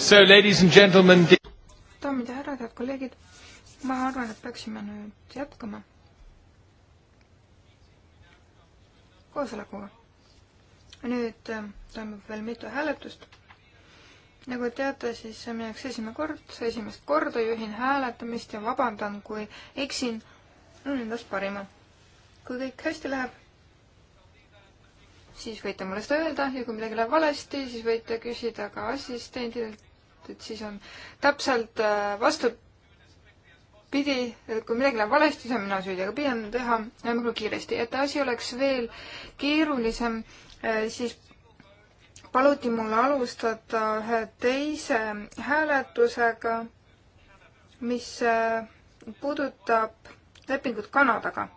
So ladies and gentlemen. daamid ja härrad, head kolleegid, ma arvan, et peaksime nüüd jätkama koosolekuga. nüüd äh, toimub veel mitu hääletust. nagu teate, siis see on minu jaoks esimene kord, esimest korda juhin hääletamist ja vabandan, kui eksin, annan endast parima. kui kõik hästi läheb, siis võite mulle seda öelda ja kui midagi läheb valesti, siis võite küsida ka assistendidelt et siis on täpselt äh, vastupidi, et kui midagi läheb valesti, siis olen mina süüdi, aga püüan teha võimalikult kiiresti. et asi oleks veel keerulisem, äh, siis paluti mul alustada ühe teise hääletusega, mis äh, puudutab lepingut Kanadaga.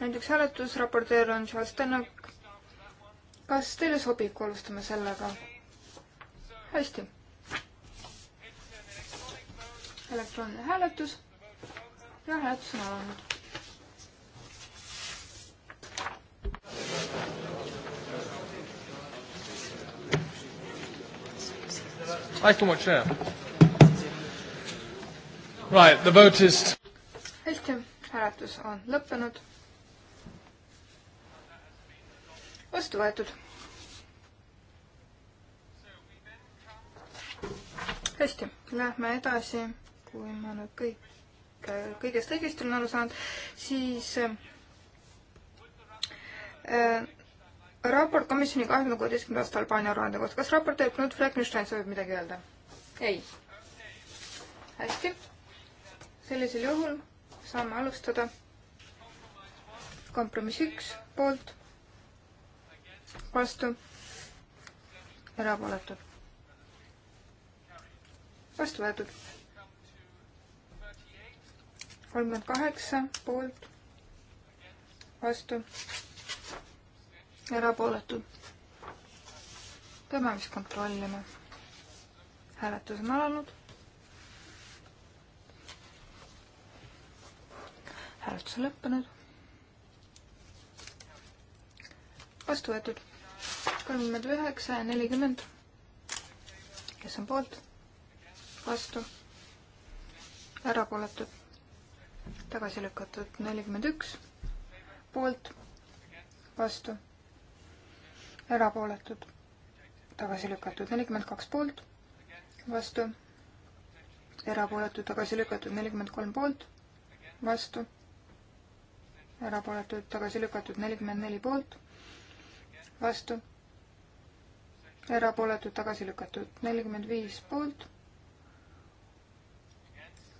näiteks hääletusraporteer on Charles Tenok. kas teile sobib, kui alustame sellega? hästi. elektrooniline hääletus ja hääletus on alanud. Aitüma, chair. Right, the vote is... hästi, hääletus on lõppenud. vastu võetud hästi, lähme edasi, kui ma nüüd kõik, kõigest õigesti olen aru saanud, siis äh, äh raport komisjoni kahekümne kuueteistkümnenda aasta Albaania aruande kohta. kas raportöör Knut Fleckenstein soovib midagi öelda? ei. hästi. sellisel juhul saame alustada. kompromiss üks poolt, vastu, erapooletud vastu võetud. kolmkümmend kaheksa poolt, vastu, erapooletud. peame vist kontrollima. hääletus on alanud. hääletus on lõppenud vastu võetud. kolmkümmend üheksa ja nelikümmend. kes on poolt? vastu, erapooletud, tagasi lükatud nelikümmend üks, poolt, vastu, erapooletud, tagasi lükatud nelikümmend kaks poolt, vastu, erapooletud, tagasi lükatud nelikümmend kolm poolt, vastu, erapooletud, tagasi lükatud nelikümmend neli poolt, vastu erapooletud tagasi lükatud nelikümmend viis poolt,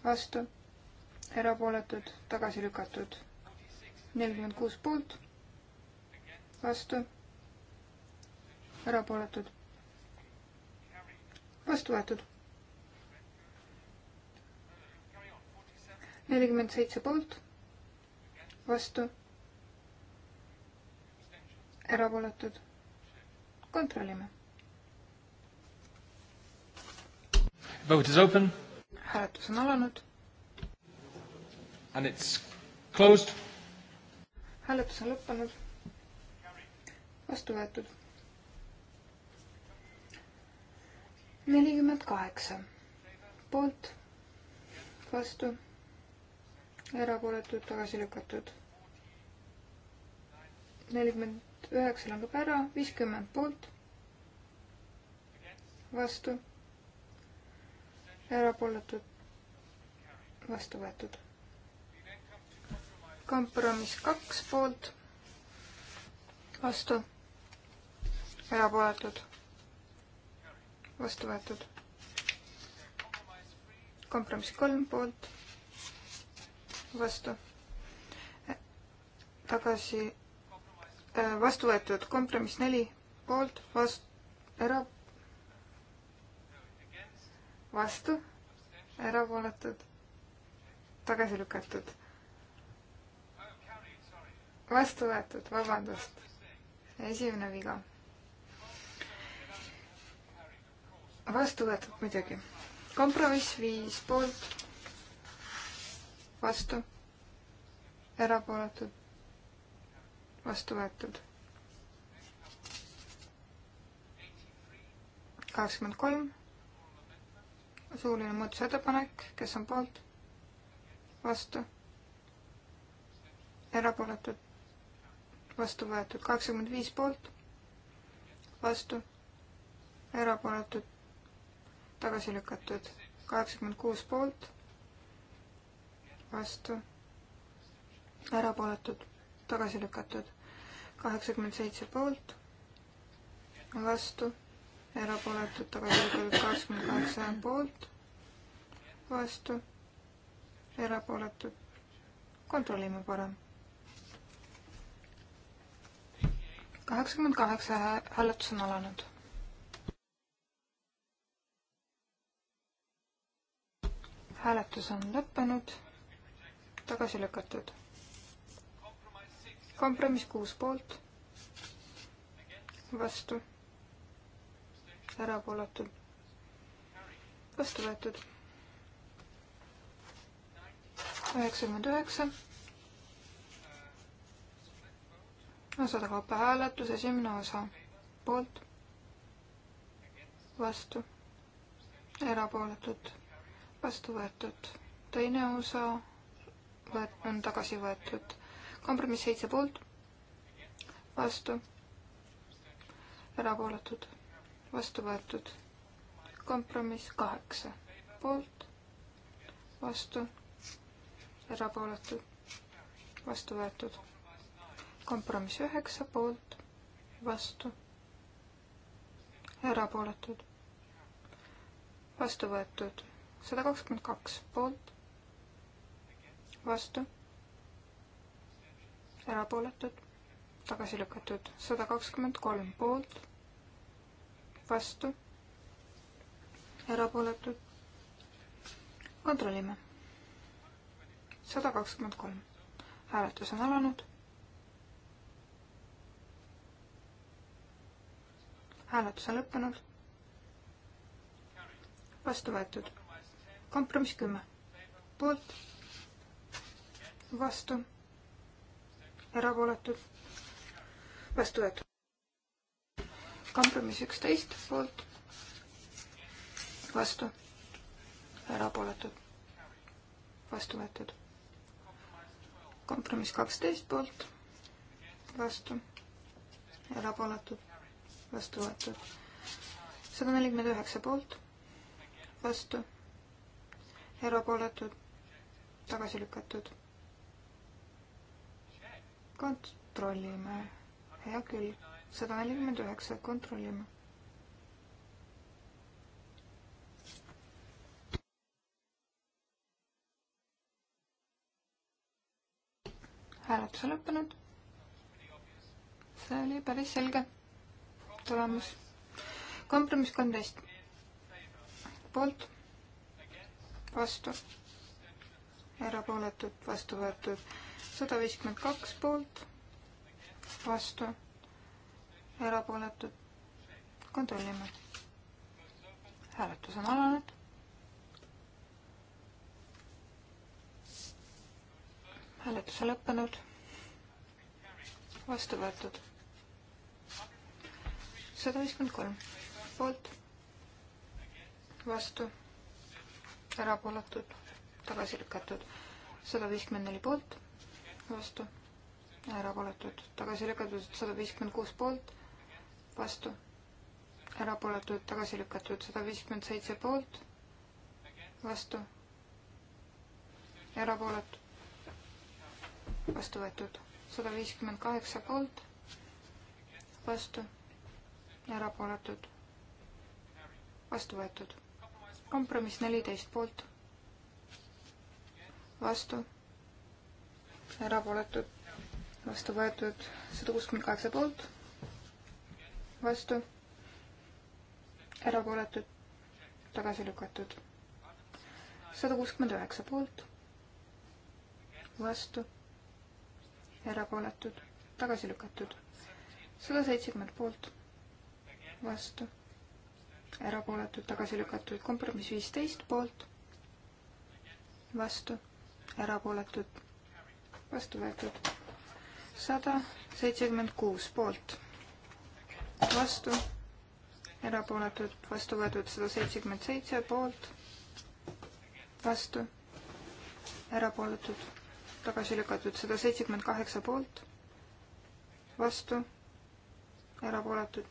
vastu, erapooletud, tagasi lükatud. nelikümmend kuus poolt, vastu, erapooletud, vastu võetud. nelikümmend seitse poolt, vastu, erapooletud, kontrollime. Vote is open hääletus on alanud. And it's closed. hääletus on lõppenud. vastu võetud. nelikümmend kaheksa poolt, vastu, erapooletud, tagasi lükatud. nelikümmend üheksa langeb ära, viiskümmend poolt, vastu erapooletud, vastu võetud. kompromiss kaks poolt, vastu, erapooletud, vastu võetud. kompromiss kolm poolt, vastu, tagasi, vastu võetud, kompromiss neli poolt, vastu, erapooletud vastu, erapooletud, tagasi lükatud. vastu võetud, vabandust, esimene viga. vastu võetud muidugi. kompromiss viis poolt, vastu, erapooletud, vastu võetud kakskümmend kolm suuline muudatusettepanek, kes on poolt, vastu, erapooletud, vastu võetud, kaheksakümmend viis poolt, vastu, erapooletud, tagasi lükatud, kaheksakümmend kuus poolt, vastu, erapooletud, tagasi lükatud, kaheksakümmend seitse poolt, vastu erapooletud tagasi lükatud kakskümmend kaheksa poolt, vastu, erapooletud. kontrollime parem. kaheksakümmend kaheksa hääletus on alanud. hääletus on lõppenud, tagasi lükatud. kompromiss kuus poolt, vastu erapooletud, vastu võetud. üheksakümmend üheksa. osade kaupa hääletus, esimene osa, poolt, vastu, erapooletud, vastu võetud. teine osa võet-, on tagasi võetud. kompromiss seitse poolt, vastu, erapooletud vastu võetud. kompromiss kaheksa poolt, vastu, erapooletud, vastu võetud. kompromiss üheksa poolt, vastu, erapooletud, vastu võetud. sada kakskümmend kaks poolt, vastu, erapooletud, tagasi lükatud. sada kakskümmend kolm poolt vastu, erapooletud. kontrollime. sada kakskümmend kolm. hääletus on alanud. hääletus on lõppenud. vastu võetud. kompromiss kümme. poolt, vastu, erapooletud, vastu võetud kompromiss üksteist poolt, vastu, erapooletud, vastu võetud. kompromiss kaksteist poolt, vastu, erapooletud, vastu võetud. sada nelikümmend üheksa poolt, vastu, erapooletud, tagasi lükatud. kontrollime, hea küll sada nelikümmend üheksa, kontrollime. hääletus on lõppenud. see oli päris selge tulemus. kompromiss kolmteist. poolt, vastu, erapooletud, vastu võetud sada viiskümmend kaks poolt, vastu erapooletud. kontrollime. hääletus on alanud. hääletus on lõppenud. vastu võetud. sada viiskümmend kolm poolt, vastu, erapooletud, tagasi lükatud. sada viiskümmend neli poolt, vastu erapooletud, tagasi lükatud sada viiskümmend kuus poolt, vastu, erapooletud, tagasi lükatud, sada viiskümmend seitse poolt, vastu, erapooletud, vastu võetud, sada viiskümmend kaheksa poolt, vastu, erapooletud, vastu võetud, kompromiss neliteist poolt, vastu, erapooletud, vastu võetud, sada kuuskümmend kaheksa poolt vastu, erapooletud, tagasi lükatud. sada kuuskümmend üheksa poolt, vastu, erapooletud, tagasi lükatud. sada seitsekümmend poolt, vastu, erapooletud, tagasi lükatud. kompromiss viisteist poolt, vastu, erapooletud, vastu võetud. sada seitsekümmend kuus poolt vastu, erapooletud, vastu võetud sada seitsekümmend seitse poolt, vastu, erapooletud, tagasi lükatud sada seitsekümmend kaheksa poolt, vastu, erapooletud,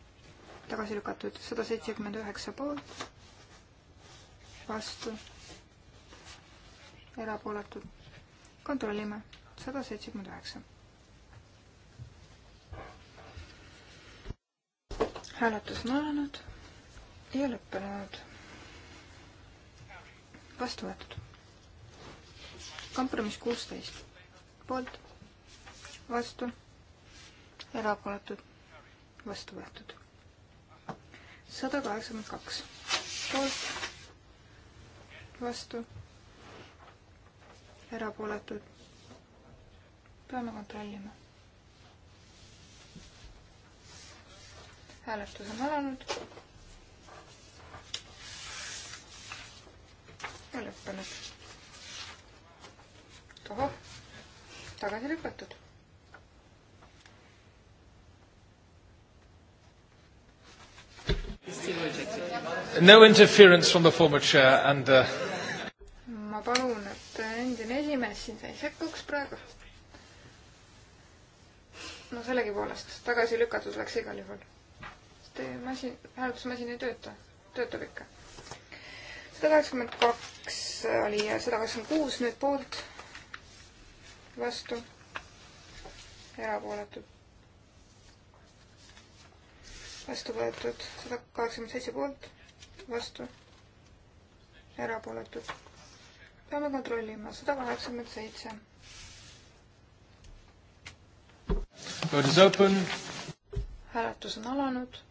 tagasi lükatud sada seitsekümmend üheksa poolt, vastu, erapooletud. kontrollime, sada seitsekümmend üheksa. hääletus on alanud ja lõppenud. vastu võetud. kompromiss kuusteist, poolt, vastu, erapooletud, vastu võetud. sada kaheksakümmend kaks, poolt, vastu, erapooletud. peame kontrollima hääletus on alanud. ja lõppenud. tohoh, tagasi lükatud. No interference from the former chair and uh... ma palun, et endine esimees siin ei sekkuks praegu no sellegipoolest, tagasi lükatud läks igal juhul teie masin, hääletusmasin ei tööta, töötab ikka. sada kaheksakümmend kaks oli ja sada kaheksakümmend kuus nüüd poolt, vastu, erapooletud, vastu võetud, sada kaheksakümmend seitse poolt, vastu, erapooletud. peame kontrollima, sada kaheksakümmend seitse. Vote is open hääletus on alanud.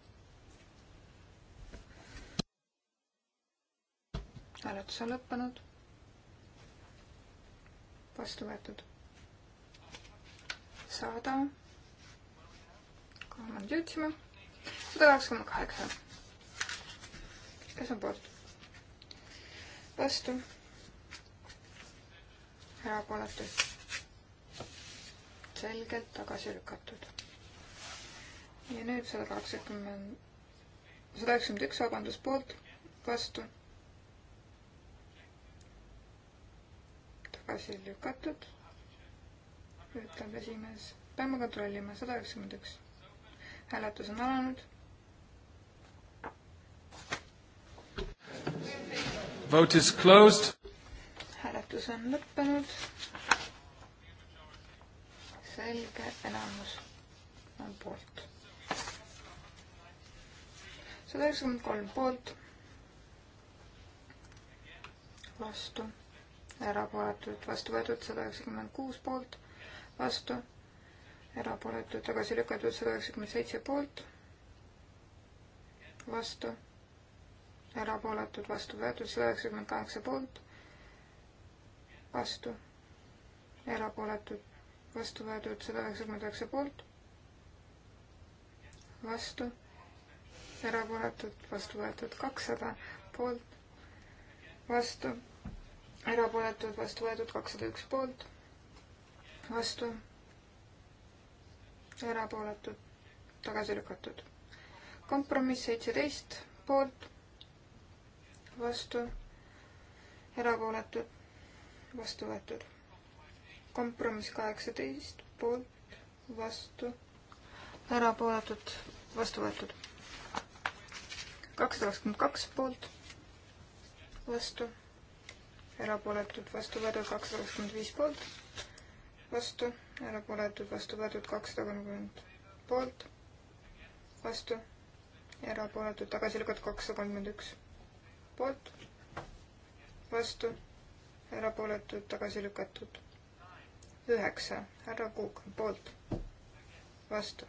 hääletus on lõppenud. vastu võetud. sada, kuhu me nüüd jõudsime? sada kaheksakümmend kaheksa. kes on poolt? vastu. erapooletud. selgelt tagasi lükatud. ja nüüd sada kaheksakümmend, sada üheksakümmend üks, vabandust, poolt, vastu tagasi lükatud, ütleb esimees. peame kontrollima, sada üheksakümmend üks. hääletus on alanud. Vote is closed. hääletus on lõppenud. selge enamus on poolt. sada üheksakümmend kolm poolt. vastu erapooletud, vastu võetud sada üheksakümmend kuus poolt, vastu, erapooletud, tagasi lükatud sada üheksakümmend seitse poolt, vastu, erapooletud, vastu võetud sada üheksakümmend kaheksa poolt, vastu, erapooletud, vastu võetud sada üheksakümmend üheksa poolt, vastu, erapooletud, vastu võetud kakssada poolt, vastu erapooletud, vastu võetud kakssada üks poolt, vastu, erapooletud, tagasi lükatud. kompromiss seitseteist poolt, vastu, erapooletud, vastu võetud. kompromiss kaheksateist poolt, vastu, erapooletud, vastu võetud. kakssada kakskümmend kaks poolt, vastu erapooletud, vastu võetud kakssada kakskümmend viis poolt, vastu, erapooletud, vastu võetud kakssada kolmkümmend poolt, vastu, erapooletud, tagasi lükatud kakssada kolmkümmend üks poolt, vastu, erapooletud, tagasi lükatud üheksa, härra Kuuk poolt, vastu,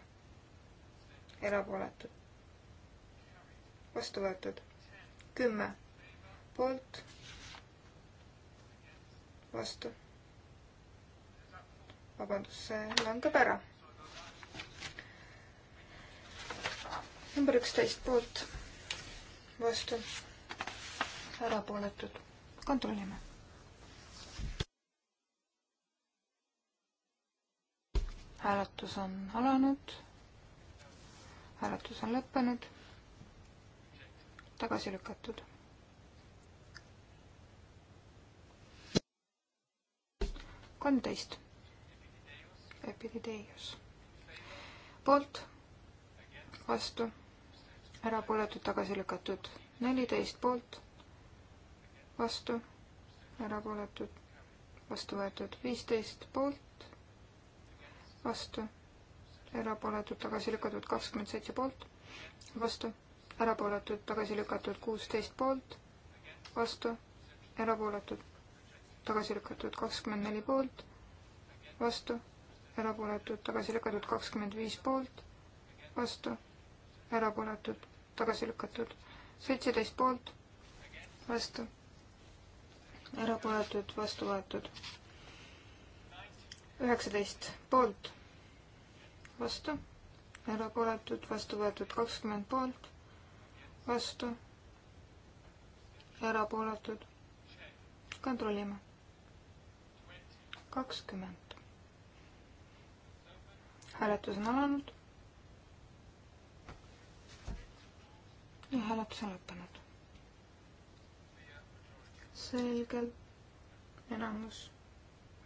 erapooletud, vastu võetud kümme poolt vastu. vabandust, see langeb ära. number üksteist poolt, vastu, erapooletud, kontrollime. hääletus on alanud, hääletus on lõppenud, tagasi lükatud kolmteist. Epideios. poolt, vastu, erapooletud, tagasi lükatud. neliteist poolt, vastu, erapooletud, vastu võetud. viisteist poolt, vastu, erapooletud, tagasi lükatud. kakskümmend seitse poolt, vastu, erapooletud, tagasi lükatud. kuusteist poolt, vastu, erapooletud tagasi lükatud kakskümmend neli poolt, vastu, erapooletud, tagasi lükatud kakskümmend viis poolt, vastu, erapooletud, tagasi lükatud seitseteist poolt, vastu, erapooletud, vastu võetud üheksateist poolt, vastu, erapooletud, vastu võetud kakskümmend poolt, vastu, erapooletud, kontrollime kakskümmend. hääletus on alanud. ja hääletus on lõppenud. selgelt enamus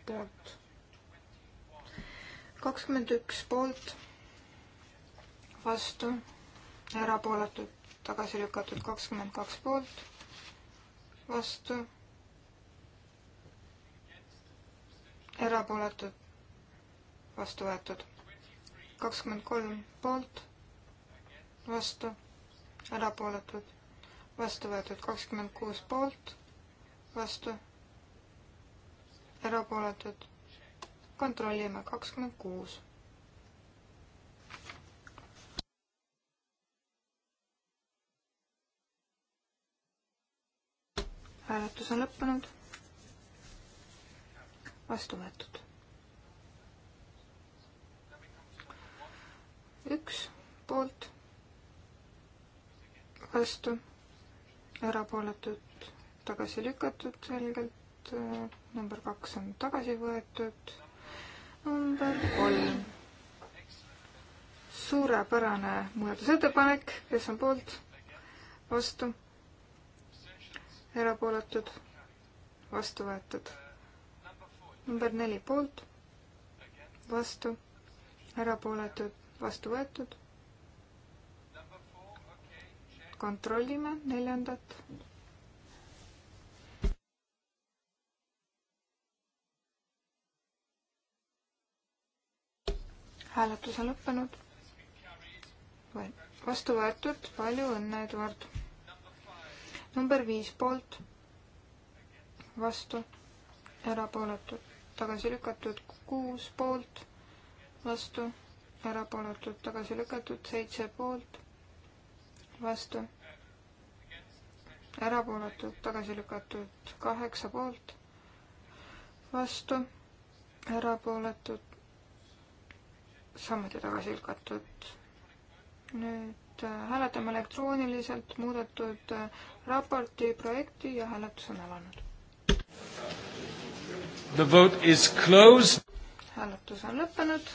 poolt. kakskümmend üks poolt, vastu, erapooletud, tagasi lükatud kakskümmend kaks poolt, vastu erapooletud, vastu võetud. kakskümmend kolm poolt, vastu, erapooletud, vastu võetud. kakskümmend kuus poolt, vastu, erapooletud. kontrollime, kakskümmend kuus. hääletus on lõppenud vastu võetud. üks poolt, vastu, erapooletud, tagasi lükatud selgelt, number kaks on tagasi võetud, number kolm. suurepärane muudatusettepanek, kes on poolt, vastu, erapooletud, vastu võetud number neli poolt, vastu, erapooletud, vastu võetud. kontrollime neljandat. hääletus on lõppenud. vastu võetud, palju õnne, Eduard. number viis poolt, vastu, erapooletud tagasi lükatud, kuus poolt, vastu, erapooletud, tagasi lükatud, seitse poolt, vastu, erapooletud, tagasi lükatud, kaheksa poolt, vastu, erapooletud, samuti tagasi lükatud. nüüd äh, hääletame elektrooniliselt muudetud äh, raporti projekti ja hääletus on alanud. The vote is closed. hääletus on lõppenud.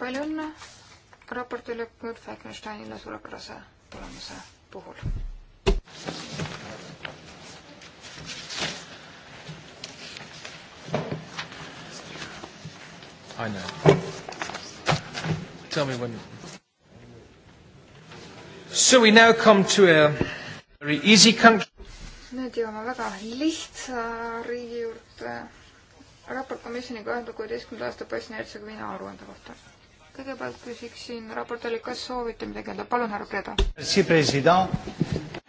palju õnne raportile Knut Falkensteinile suurepärase tulemuse puhul. I know. Tell me when. So we now come to a uh, nüüd jõuame väga lihtsa riigi juurde. raport komisjoni kahe tuhande kuueteistkümnenda aasta Bosnia-Hertsegoviina aruande kohta. kõigepealt küsiksin raportööri, kas soovite midagi öelda, palun, härra Preda.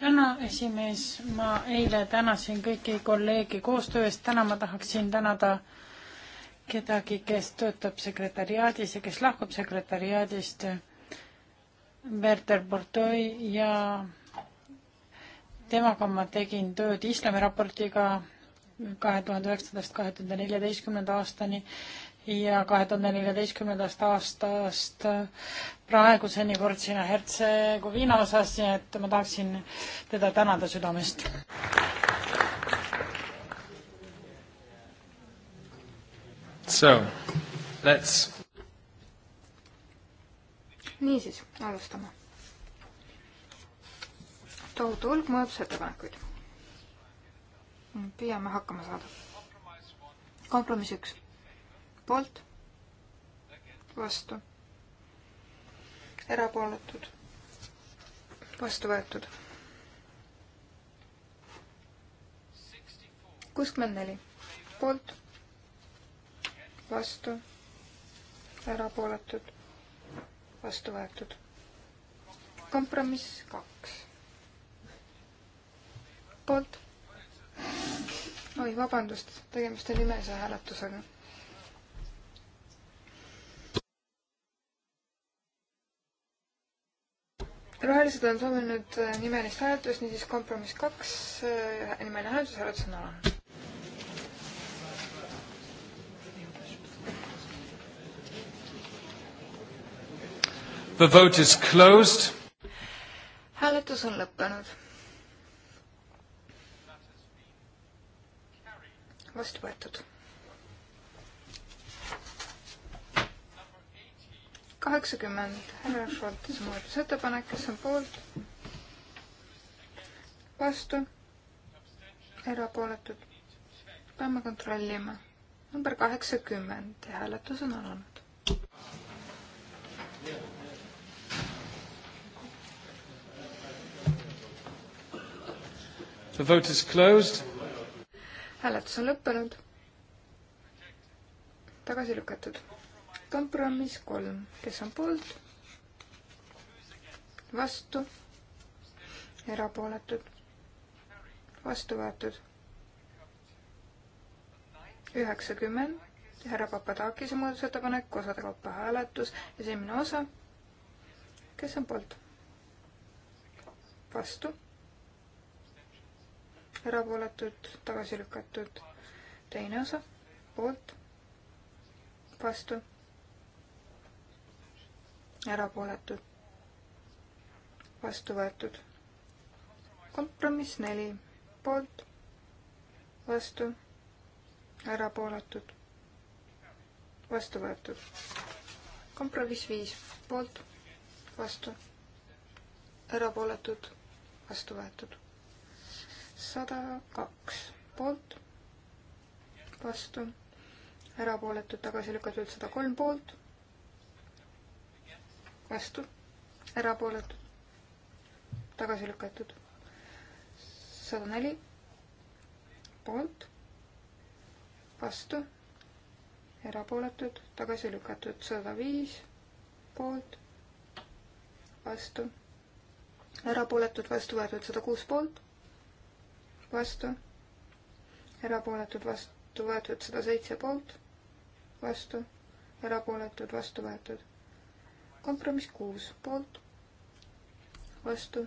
täna esimees, ma eile tänasin kõiki kolleegi koostöö eest, täna ma tahaksin tänada kedagi, kes töötab sekretäriaadis ja kes lahkub sekretäriaadist. Werter Bordeaux ja temaga ma tegin tööd islamiraportiga kahe tuhande üheksandast kahe tuhande neljateistkümnenda aastani ja kahe tuhande neljateistkümnendast aastast praeguseni Bosnia-Hertsegoviina osas, nii et ma tahaksin teda tänada südamest. So let's. niisiis, alustame tohutu hulk muudatusettepanekuid. püüame hakkama saada. kompromiss üks. poolt, vastu, erapooletud, vastu võetud. kuuskümmend neli, poolt, vastu, erapooletud, vastu võetud. kompromiss kaks poolt. oi, vabandust, tegemist on nimelise hääletusega. rohelised on soovinud äh, nimelist hääletust, niisiis kompromiss kaks, äh, nimeline hääletus, hääletus on alanud. The vote is closed. hääletus on lõppenud vastu võetud. kaheksakümmend härra Šoltise muudatusettepanek, kes on poolt? vastu? erapooletud? peame kontrollima. number kaheksakümmend ja hääletus on alanud. The vote is closed hääletus on lõppenud. tagasi lükatud. kompromiss kolm, kes on poolt? vastu, erapooletud, vastu võetud. üheksakümmend, härra Papadakise muudatusettepanek, osade kaupa hääletus, esimene osa. kes on poolt? vastu erapooletud, tagasi lükatud. teine osa, poolt, vastu, erapooletud, vastu võetud. kompromiss neli, poolt, vastu, erapooletud, vastu võetud. kompromiss viis, poolt, vastu, erapooletud, vastu võetud sada kaks poolt, vastu, erapooletud, tagasi lükatud sada kolm poolt, vastu, erapooletud, tagasi lükatud sada neli poolt, vastu, erapooletud, tagasi lükatud sada viis poolt, vastu, erapooletud, vastu võetud sada kuus poolt vastu, erapooletud, vastu võetud sada seitse poolt, vastu, erapooletud, vastu võetud. kompromiss kuus poolt, vastu,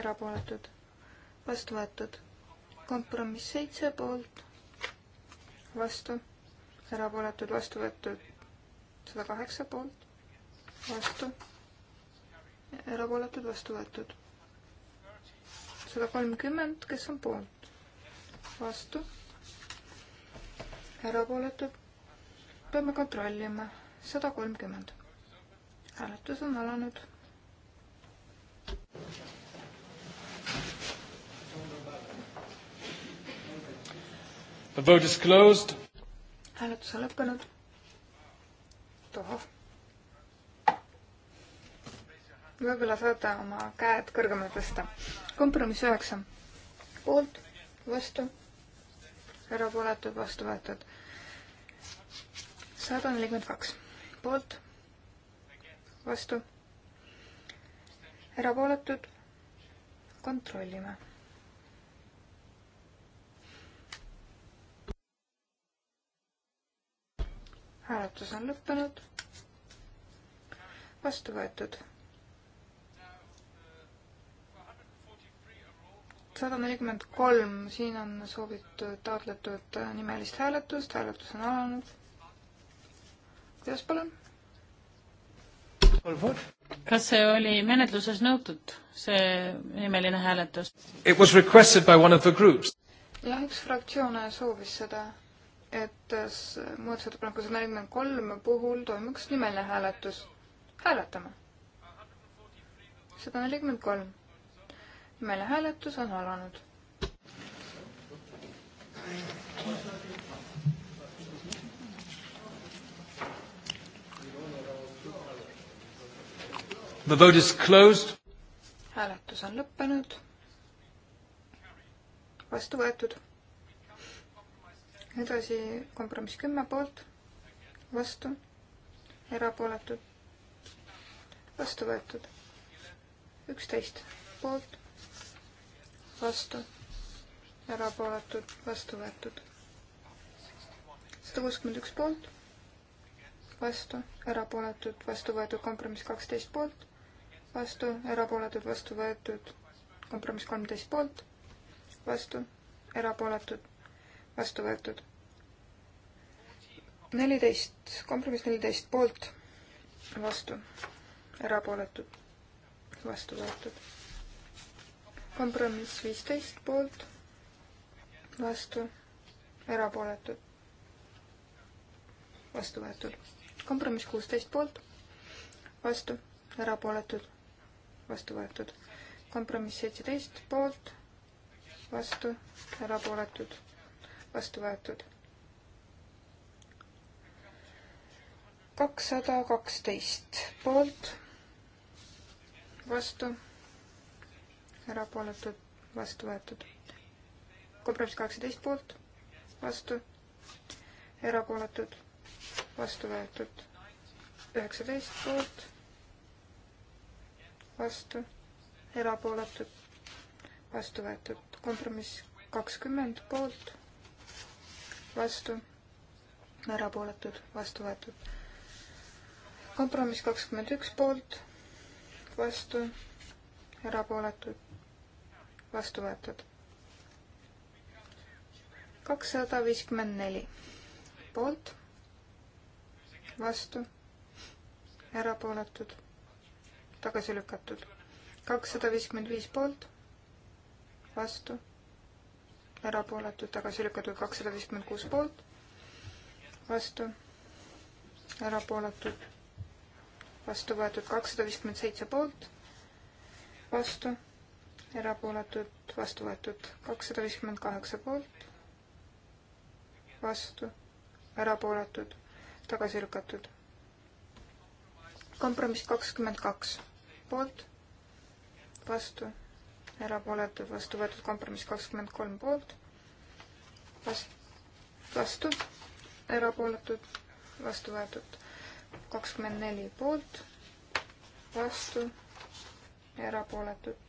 erapooletud, vastu võetud. kompromiss seitse poolt, vastu, erapooletud, vastu võetud sada kaheksa poolt, vastu, erapooletud, vastu võetud sada kolmkümmend, kes on poolt? vastu? erapooletud? peame kontrollima. sada kolmkümmend. hääletus on alanud. The vote is closed. hääletus on lõppenud. tohoh võib-olla saate oma käed kõrgemale tõsta. kompromiss üheksa. poolt, vastu, erapooletud, vastu võetud. sada nelikümmend kaks. poolt, vastu, erapooletud, kontrollime hääletus on lõppenud. vastu võetud sada nelikümmend kolm, siin on soovitud, taotletud nimelist hääletust, hääletus on alanud. kuidas, palun? kas see oli menetluses nõutud, see nimeline hääletus? It was requested by one of the groups. jah, üks fraktsioon soovis seda, et muudatusettepaneku sada nelikümmend kolm puhul toimuks nimeline hääletus. hääletame. sada nelikümmend kolm meil hääletus on alanud. The vote is closed. hääletus on lõppenud. vastu võetud. edasi kompromiss kümme poolt, vastu, erapooletud, vastu võetud, üksteist poolt vastu, erapooletud, vastu võetud. sada kuuskümmend üks poolt, vastu, erapooletud, vastu võetud, kompromiss kaksteist poolt, vastu, erapooletud, vastu võetud, kompromiss kolmteist poolt, vastu, erapooletud, vastu võetud. neliteist, kompromiss neliteist poolt, vastu, erapooletud, vastu võetud kompromiss viisteist poolt, vastu, erapooletud, vastu võetud. kompromiss kuusteist poolt, vastu, erapooletud, vastu võetud. kompromiss seitseteist poolt, vastu, erapooletud, vastu võetud kakssada kaksteist poolt, vastu, erapooletud, vastu võetud. kompromiss kaheksateist poolt, vastu, erapooletud, vastu võetud. üheksateist poolt, vastu, erapooletud, vastu võetud. kompromiss kakskümmend poolt, vastu, erapooletud, vastu võetud. kompromiss kakskümmend üks poolt, vastu, erapooletud, vastu võetud. kakssada viiskümmend neli poolt, vastu, erapooletud, tagasi lükatud. kakssada viiskümmend viis poolt, vastu, erapooletud, tagasi lükatud. kakssada viiskümmend kuus poolt, vastu, erapooletud, vastu võetud. kakssada viiskümmend seitse poolt, vastu erapooletud, vastu võetud kakssada viiskümmend kaheksa poolt, vastu, erapooletud, tagasi lükatud. kompromiss kakskümmend kaks poolt, vastu, erapooletud, vastu võetud kompromiss kakskümmend kolm poolt, vastu, vastu, erapooletud, vastu võetud kakskümmend neli poolt, vastu, erapooletud,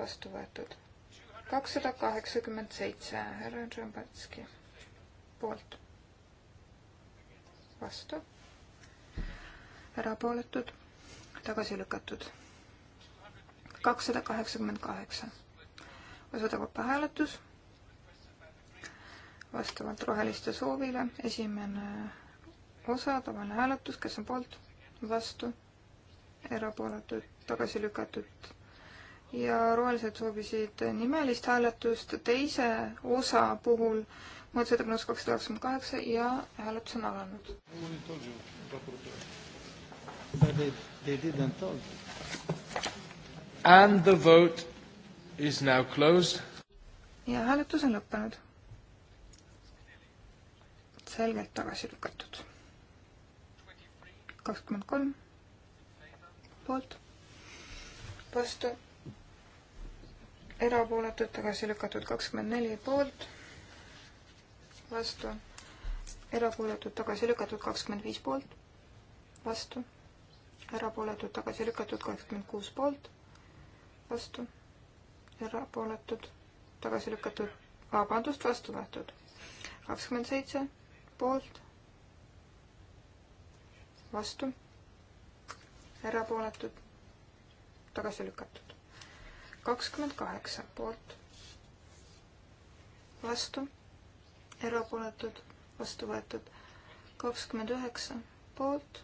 vastu võetud. kakssada kaheksakümmend seitse, härra Džambatski, poolt, vastu, erapooletud, tagasi lükatud. kakssada kaheksakümmend kaheksa, osade kaupa hääletus, vastavalt roheliste soovile, esimene osa, tavaline hääletus, kes on poolt, vastu, erapooletud, tagasi lükatud ja rohelised soovisid nimelist hääletust teise osa puhul muudatusettepanekus kakssada kakskümmend kaheksa ja hääletus on alanud. And the vote is now closed. ja hääletus on lõppenud. selgelt tagasi lükatud. kakskümmend kolm poolt, vastu erapooletud, tagasi lükatud kakskümmend neli poolt, vastu, erapooletud, tagasi lükatud kakskümmend viis poolt, vastu, erapooletud, tagasi lükatud kakskümmend kuus poolt, vastu, erapooletud, tagasi lükatud, vabandust, vastu võetud, kakskümmend seitse poolt, vastu, erapooletud, tagasi lükatud kakskümmend kaheksa poolt, vastu, erapooletud, vastu võetud, kakskümmend üheksa poolt,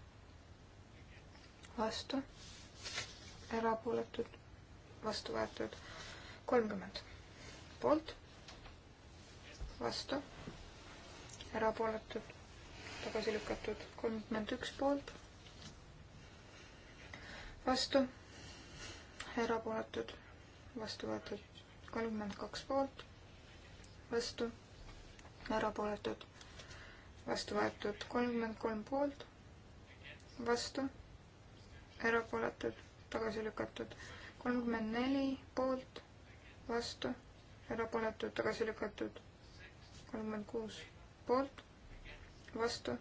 vastu, erapooletud, vastu võetud, kolmkümmend poolt, vastu, erapooletud, tagasi lükatud, kolmkümmend üks poolt, vastu, erapooletud vastu võetud kolmkümmend kaks poolt, vastu, erapooletud, vastu võetud kolmkümmend kolm poolt, vastu, erapooletud, tagasi lükatud kolmkümmend neli poolt, vastu, erapooletud, tagasi lükatud kolmkümmend kuus poolt, vastu,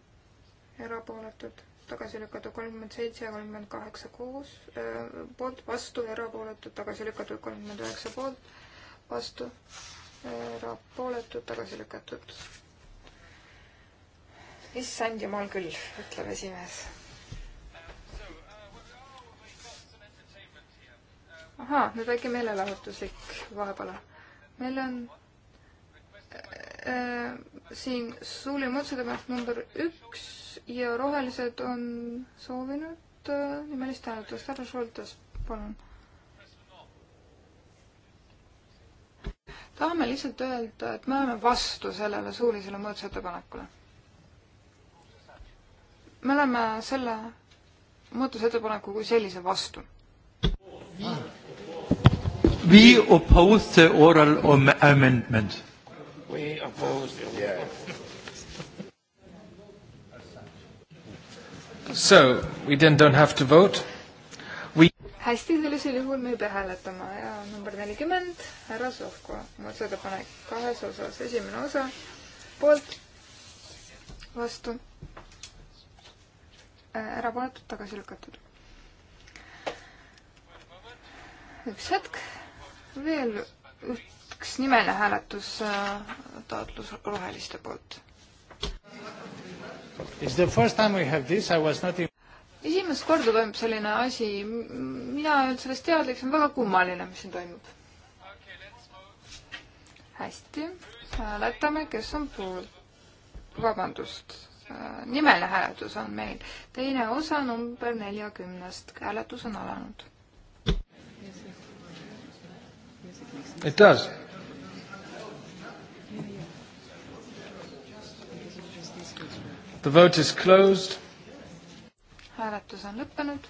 erapooletud tagasi lükatud kolmkümmend seitse ja kolmkümmend kaheksa koos, äh, poolt, vastu, erapooletud, tagasi lükatud kolmkümmend üheksa poolt, vastu, erapooletud, tagasi lükatud. issand jumal küll, ütleb esimees. ahaa, nüüd väike meelelahutuslik vahepala. meil on äh, siin suuline muudatusettepanek number üks ja rohelised on soovinud äh, nimelist hääletust. härra Šoltes, palun. tahame lihtsalt öelda, et me oleme vastu sellele suulisele muudatusettepanekule. me oleme selle muudatusettepaneku kui sellise vastu. We oppose the oral amendment. We oppose the So, we then don't have to vote. We... hästi, sellisel juhul me ei pea hääletama ja number nelikümmend, härra Sohko, muudatusettepanek kahes osas, esimene osa poolt, vastu, erapooletud, äh, tagasi lükatud. üks hetk, veel üks nimeline hääletus, äh, taotlus roheliste poolt esimest korda toimub selline asi, mina ei olnud sellest teadlik, see on väga kummaline, mis siin toimub. hästi, hääletame, kes on poolt. vabandust, nimeline hääletus on meil. teine osa number neljakümnest, hääletus on alanud. It does. The vote is closed. hääletus on lõppenud.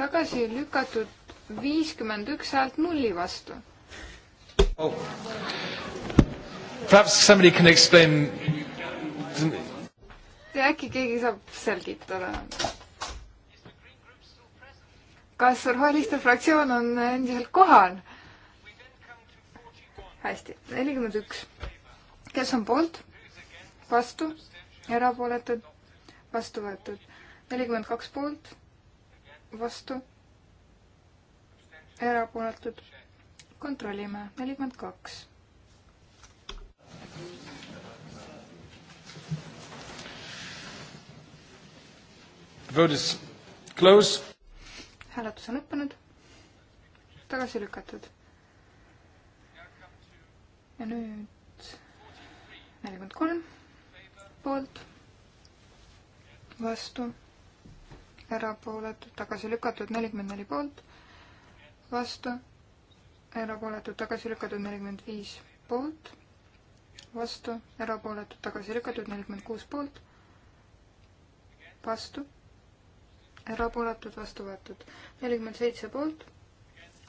tagasi lükatud viiskümmend üks häält nulli vastu oh.. Perhaps somebody can explain. äkki keegi saab selgitada? kas roheliste fraktsioon on endiselt kohal? hästi, nelikümmend üks. kes on poolt? vastu, erapooletud, vastu võetud. nelikümmend kaks poolt, vastu, erapooletud. kontrollime, nelikümmend kaks. Vote is close. hääletus on lõppenud, tagasi lükatud. ja nüüd nelikümmend kolm poolt, vastu, erapooletud, tagasi lükatud, nelikümmend neli poolt, vastu, erapooletud, tagasi lükatud, nelikümmend viis poolt, vastu, erapooletud, tagasi lükatud, nelikümmend kuus poolt, vastu, erapooletud, vastu võetud, nelikümmend seitse poolt,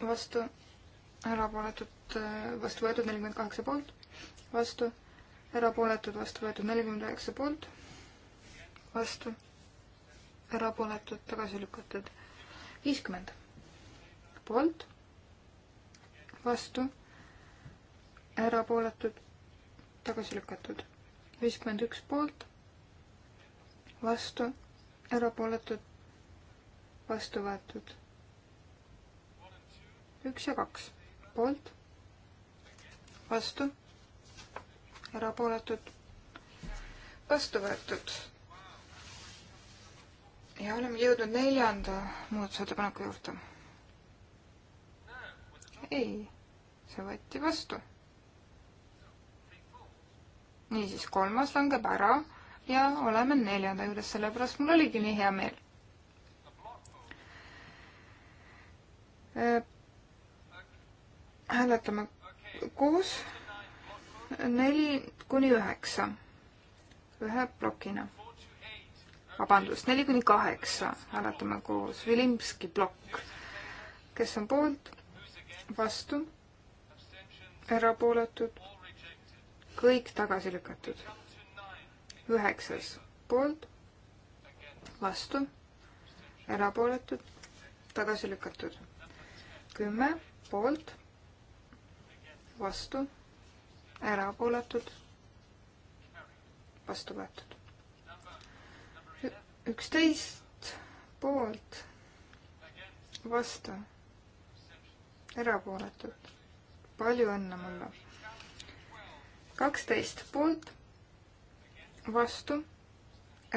vastu, erapooletud, vastu võetud, nelikümmend kaheksa poolt, vastu, erapooletud, vastu võetud nelikümmend üheksa poolt, vastu, erapooletud, tagasi lükatud viiskümmend poolt, vastu, erapooletud, tagasi lükatud viiskümmend üks poolt, vastu, erapooletud, vastu võetud üks ja kaks poolt, vastu erapooletud, vastu võetud. ja oleme jõudnud neljanda muudatusettepaneku juurde. ei, see võeti vastu. niisiis, kolmas langeb ära ja oleme neljanda juures, sellepärast mul oligi nii hea meel äh, hääletame koos neli kuni üheksa ühe plokina. vabandust, neli kuni kaheksa hääletame koos. Vilimski plokk, kes on poolt, vastu, erapooletud, kõik tagasi lükatud. üheksas poolt, vastu, erapooletud, tagasi lükatud. kümme poolt, vastu erapooletud, vastu võetud. üksteist poolt, vastu, erapooletud. palju õnne mulle. kaksteist poolt, vastu,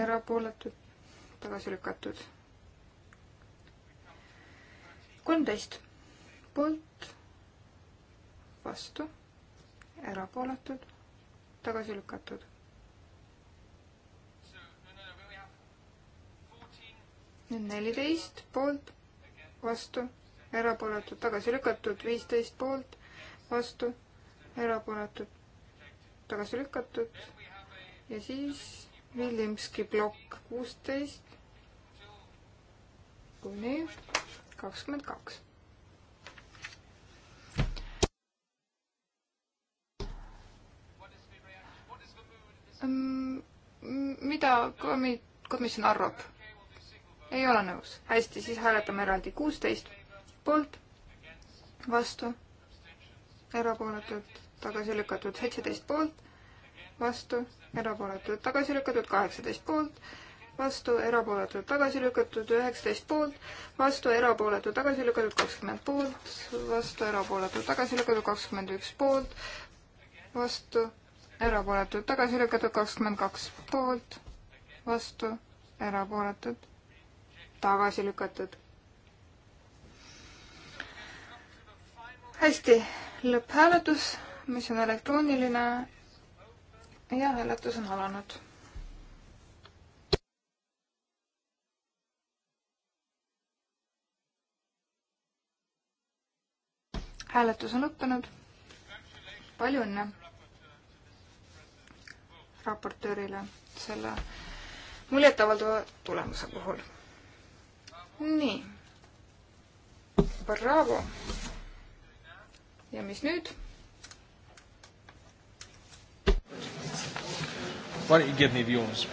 erapooletud, tagasi lükatud. kolmteist poolt, vastu erapooletud, tagasi lükatud. nüüd neliteist poolt, vastu, erapooletud, tagasi lükatud, viisteist poolt, vastu, erapooletud, tagasi lükatud ja siis Villimski plokk kuusteist kuni kakskümmend kaks. Mm, mida komi-, komisjon arvab? ei ole nõus. hästi, siis hääletame eraldi kuusteist poolt, vastu, erapooletud, tagasi lükatud seitseteist poolt, vastu, erapooletud, tagasi lükatud kaheksateist poolt, vastu, erapooletud, tagasi lükatud üheksateist poolt, vastu, erapooletud, tagasi lükatud kakskümmend poolt, vastu, erapooletud, tagasi lükatud kakskümmend üks poolt, vastu, erapooletud, tagasi lükatud kakskümmend kaks poolt, vastu, erapooletud, tagasi lükatud. hästi, lõpphääletus, mis on elektrooniline ja hääletus on alanud. hääletus on lõppenud. palju õnne! raportöörile selle muljetavaldava tulemuse puhul. nii. Bravo. ja mis nüüd? Why don't you give me the yours?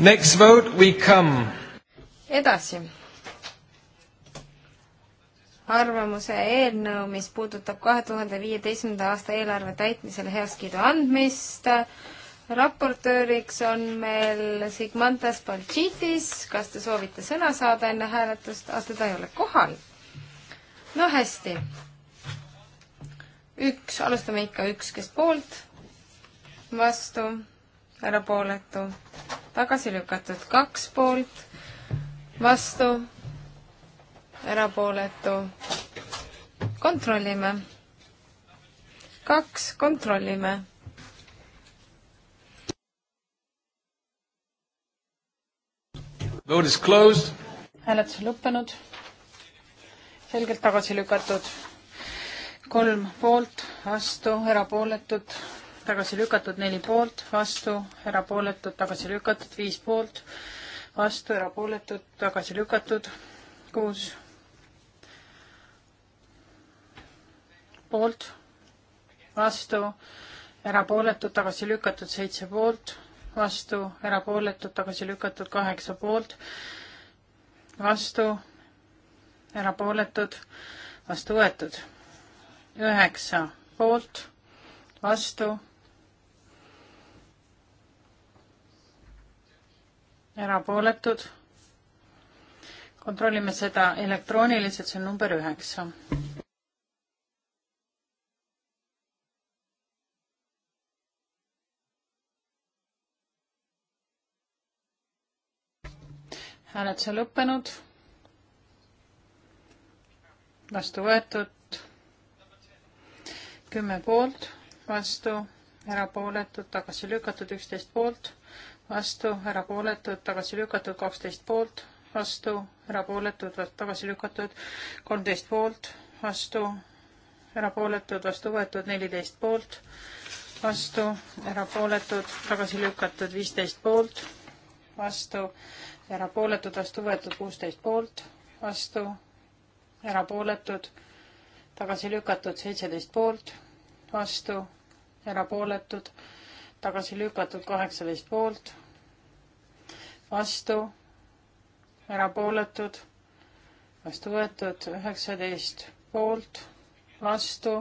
Next vote we come. edasi arvamuse eelnõu, mis puudutab kahe tuhande viieteistkümnenda aasta eelarve täitmisele heakskiidu andmist. raportööriks on meil Sigmantas Baltšitis. kas te soovite sõna saada enne hääletust? aa, teda ei ole kohal. no hästi. üks, alustame ikka ükskest poolt, vastu, erapooletu, tagasi lükatud kaks poolt, vastu erapooletu. kontrollime. kaks, kontrollime. Vote is closed. hääletus on lõppenud. selgelt tagasi lükatud. kolm poolt, vastu, erapooletud, tagasi lükatud, neli poolt, vastu, erapooletud, tagasi lükatud, viis poolt, vastu, erapooletud, tagasi lükatud, kuus poolt, vastu, erapooletud, tagasi lükatud seitse poolt, vastu, erapooletud, tagasi lükatud kaheksa poolt, vastu, erapooletud, vastu võetud üheksa poolt, vastu, erapooletud. kontrollime seda elektrooniliselt, see on number üheksa. hääletus on lõppenud. vastu võetud kümme poolt, vastu, erapooletud, tagasi lükatud, üksteist poolt, vastu, erapooletud, tagasi lükatud, kaksteist poolt, vastu, erapooletud, tagasi lükatud, kolmteist poolt, vastu, erapooletud, vastu võetud, neliteist poolt, vastu, erapooletud, tagasi lükatud, viisteist poolt vastu, erapooletud, vastu võetud kuusteist poolt, vastu, erapooletud, tagasi lükatud seitseteist poolt, vastu, erapooletud, tagasi lükatud kaheksateist poolt, vastu, erapooletud, vastu võetud üheksateist poolt, vastu,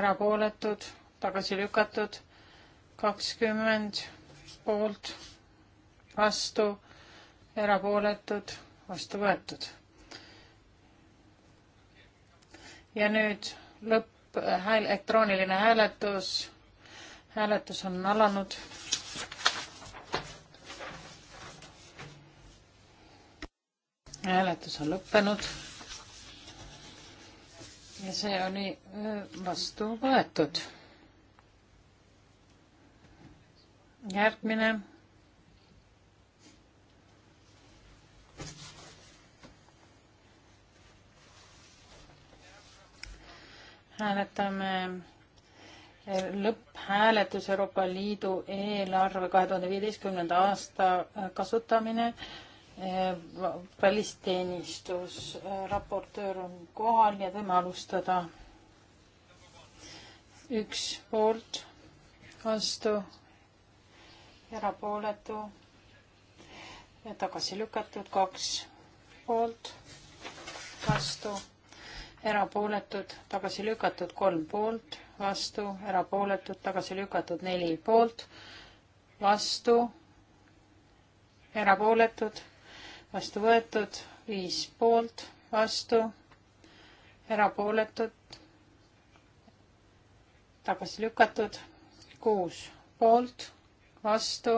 erapooletud, tagasi lükatud kakskümmend poolt vastu, erapooletud, vastu võetud. ja nüüd lõpp, äh, hääl, elektrooniline hääletus. hääletus on alanud. hääletus on lõppenud. ja see oli äh, vastu võetud. järgmine hääletame lõpphääletus Euroopa Liidu eelarve kahe tuhande viieteistkümnenda aasta kasutamine. välisteenistus, raportöör on kohal ja võime alustada. üks poolt, vastu, erapooletu, tagasi lükatud, kaks poolt, vastu erapooletud, tagasi lükatud kolm poolt, vastu, erapooletud, tagasi lükatud neli poolt, vastu, erapooletud, vastu võetud viis poolt, vastu, erapooletud, tagasi lükatud kuus poolt, vastu,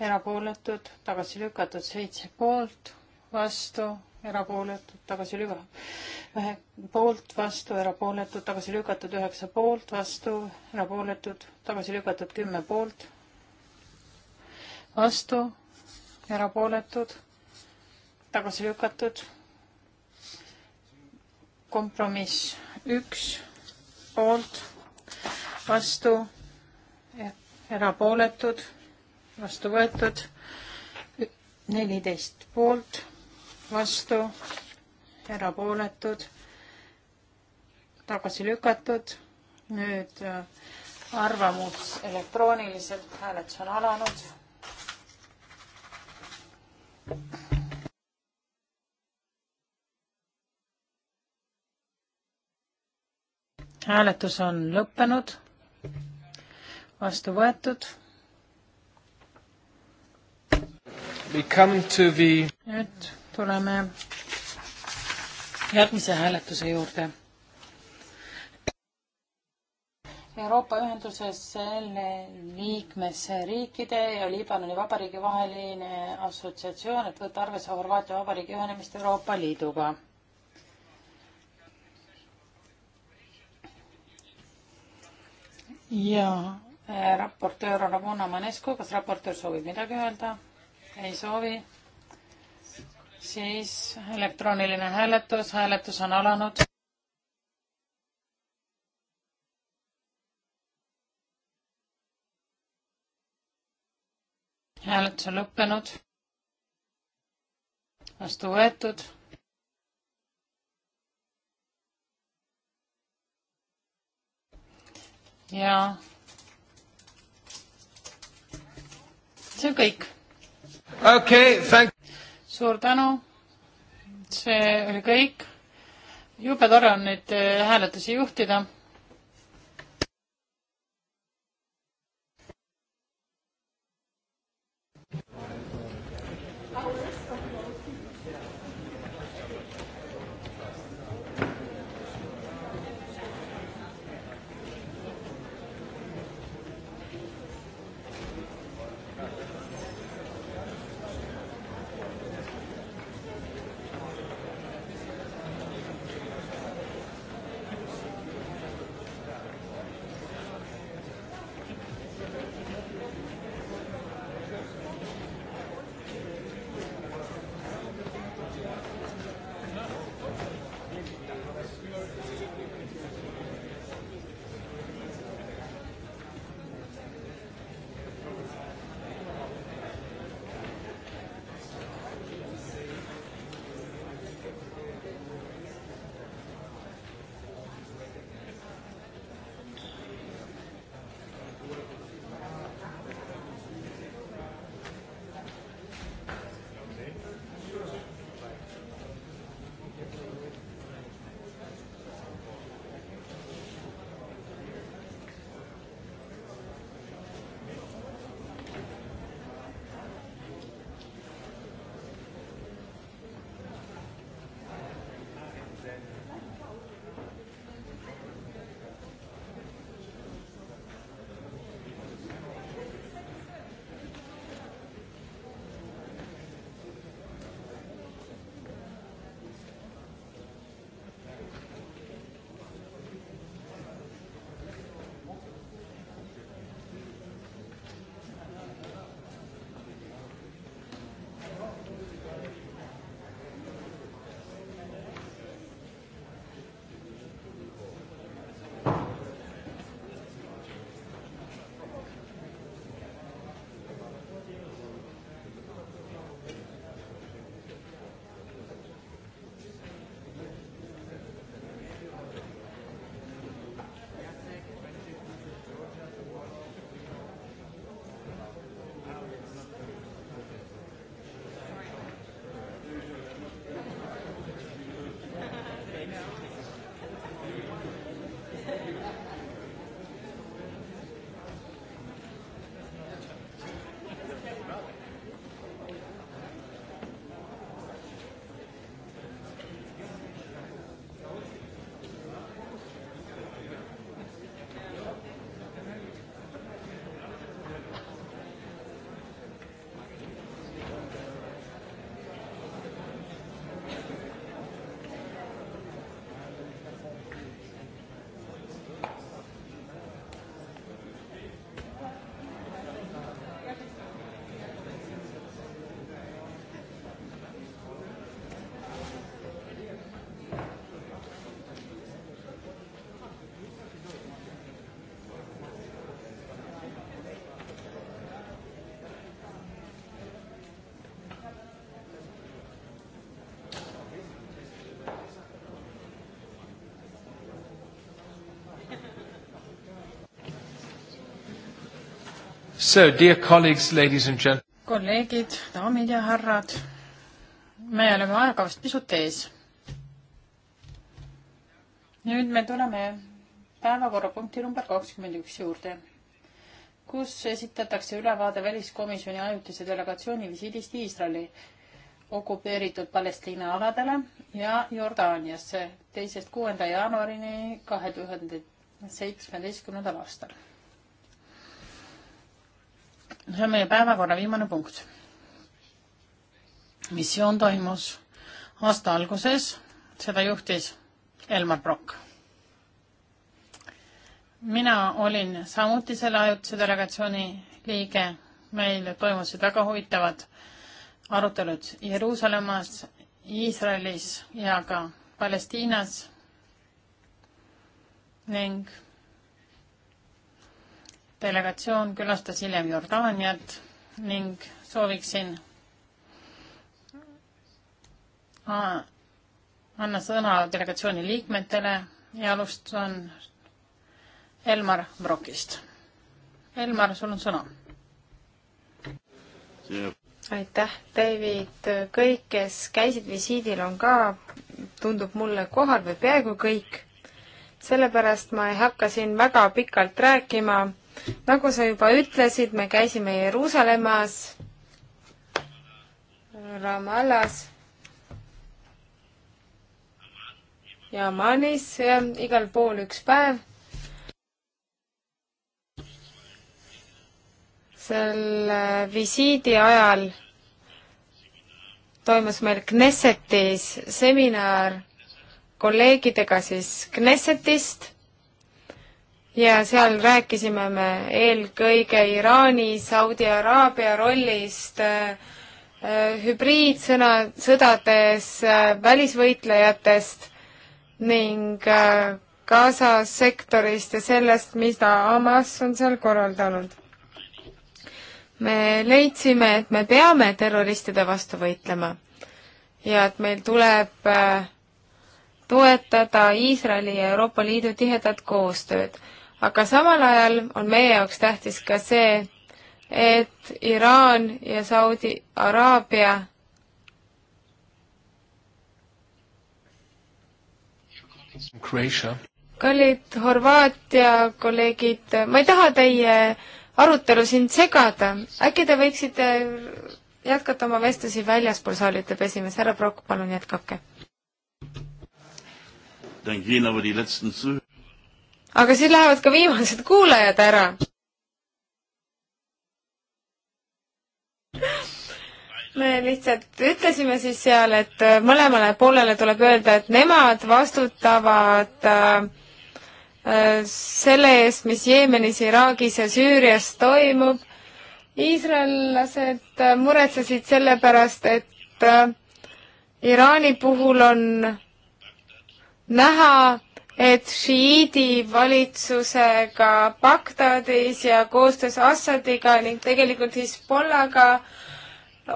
erapooletud, tagasi lükatud seitse poolt, vastu erapooletud, tagasi lüga-, ühe poolt, vastu, erapooletud, tagasi lükatud, üheksa poolt, vastu, erapooletud, tagasi lükatud, kümme poolt, vastu, erapooletud, tagasi lükatud, kompromiss üks, poolt, vastu, e-, erapooletud, vastu võetud, neliteist poolt vastu, erapooletud, tagasi lükatud. nüüd äh, arvamus elektrooniliselt, hääletus on alanud. hääletus on lõppenud, vastu võetud We come to the nüüd tuleme järgmise hääletuse juurde. Euroopa Ühenduses liikmesriikide ja Liibanoni Vabariigi vaheline assotsiatsioon, et võtta arvesse Horvaatia Vabariigi ühenemist Euroopa Liiduga. ja äh, raportöör on Ramona Manescu, kas raportöör soovib midagi öelda? ei soovi siis elektrooniline hääletus, hääletus on alanud. hääletus on lõppenud. vastu võetud. ja see on kõik. okei okay,, thank you suur tänu. see oli kõik. jube tore on neid äh, hääletusi juhtida So, dear colleagues, ladies and gentlemen. kolleegid, daamid ja härrad, me oleme aega vast pisut ees. nüüd me tuleme päevakorrapunkti number kakskümmend üks juurde, kus esitatakse ülevaade väliskomisjoni ajutise delegatsiooni visiidist Iisraeli okupeeritud Palestiina aladele ja Jordaaniasse teisest kuuenda jaanuarini kahe tuhande seitsmeteistkümnendal aastal see on meie päevakorra viimane punkt. missioon toimus aasta alguses, seda juhtis Elmar Brokk. mina olin samuti selle ajutise delegatsiooni liige, meil toimusid väga huvitavad arutelud Jeruusalemmas, Iisraelis ja ka Palestiinas ning delegatsioon külastas hiljem Jordaaniat ning sooviksin anna sõna delegatsiooni liikmetele ja alustan Elmar Brokist. Elmar, sul on sõna yeah.. aitäh, David, kõik, kes käisid visiidil, on ka, tundub mulle, kohal või peaaegu kõik. sellepärast ma ei hakka siin väga pikalt rääkima nagu sa juba ütlesid, me käisime Jeruusalemmas, Ramallas ja Manis igal pool üks päev. selle visiidi ajal toimus meil Knessetis seminar kolleegidega siis Knessetist ja seal rääkisime me eelkõige Iraani, Saudi Araabia rollist, äh, äh, hübriidsõna, sõdades, äh, välisvõitlejatest ning Gaza sektorist ja sellest, mida Hamas on seal korraldanud. me leidsime, et me peame terroristide vastu võitlema ja et meil tuleb toetada Iisraeli ja Euroopa Liidu tihedat koostööd aga samal ajal on meie jaoks tähtis ka see, et Iraan ja Saudi Araabia kallid Horvaatia kolleegid, ma ei taha teie arutelu siin segada, äkki te võiksite jätkata oma vestlusi väljaspool saali, ütleb esimees, härra Prokk, palun jätkake aga siis lähevad ka viimased kuulajad ära. me lihtsalt ütlesime siis seal, et mõlemale poolele tuleb öelda, et nemad vastutavad äh, selle eest, mis Jeemenis, Iraagis ja Süürias toimub. iisraellased muretsesid selle pärast, et äh, Iraani puhul on näha, et šiiidi valitsusega Bagdadis ja koostöös Assadiga ning tegelikult Hezbollaga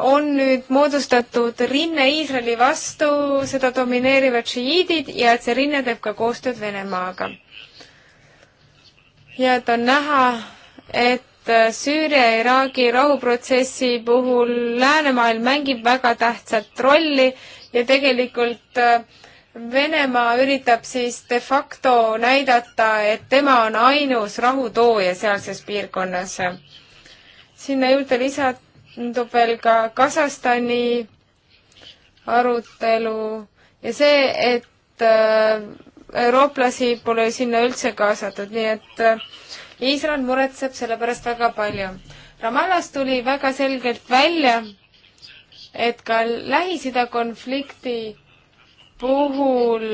on nüüd moodustatud rinne Iisraeli vastu, seda domineerivad šiiidid ja et see rinne teeb ka koostööd Venemaaga. ja et on näha, et Süüria ja Iraagi rahuprotsessi puhul läänemaailm mängib väga tähtsat rolli ja tegelikult äh, Venemaa üritab siis de facto näidata, et tema on ainus rahutooja sealses piirkonnas. sinna juurde lisandub veel ka Kasahstani arutelu ja see, et äh, eurooplasi pole sinna üldse kaasatud, nii et äh, Iisrael muretseb selle pärast väga palju. Ramallas tuli väga selgelt välja, et ka Lähis-Ida konflikti puhul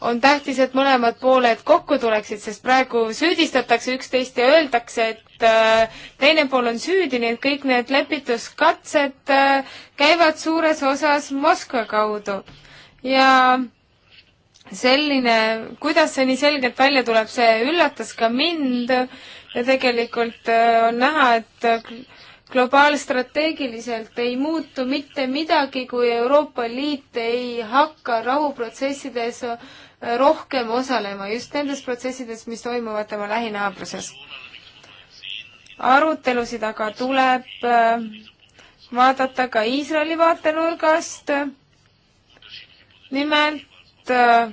on tähtis, et mõlemad pooled kokku tuleksid, sest praegu süüdistatakse üksteist ja öeldakse, et äh, teine pool on süüdi, nii et kõik need lepituskatsed äh, käivad suures osas Moskva kaudu. ja selline, kuidas see nii selgelt välja tuleb, see üllatas ka mind ja tegelikult äh, on näha, et globaalstrateegiliselt ei muutu mitte midagi, kui Euroopa Liit ei hakka rahuprotsessides rohkem osalema, just nendes protsessides, mis toimuvad tema lähinaabruses. arutelusid aga tuleb äh, vaadata ka Iisraeli vaatenurgast, nimelt äh,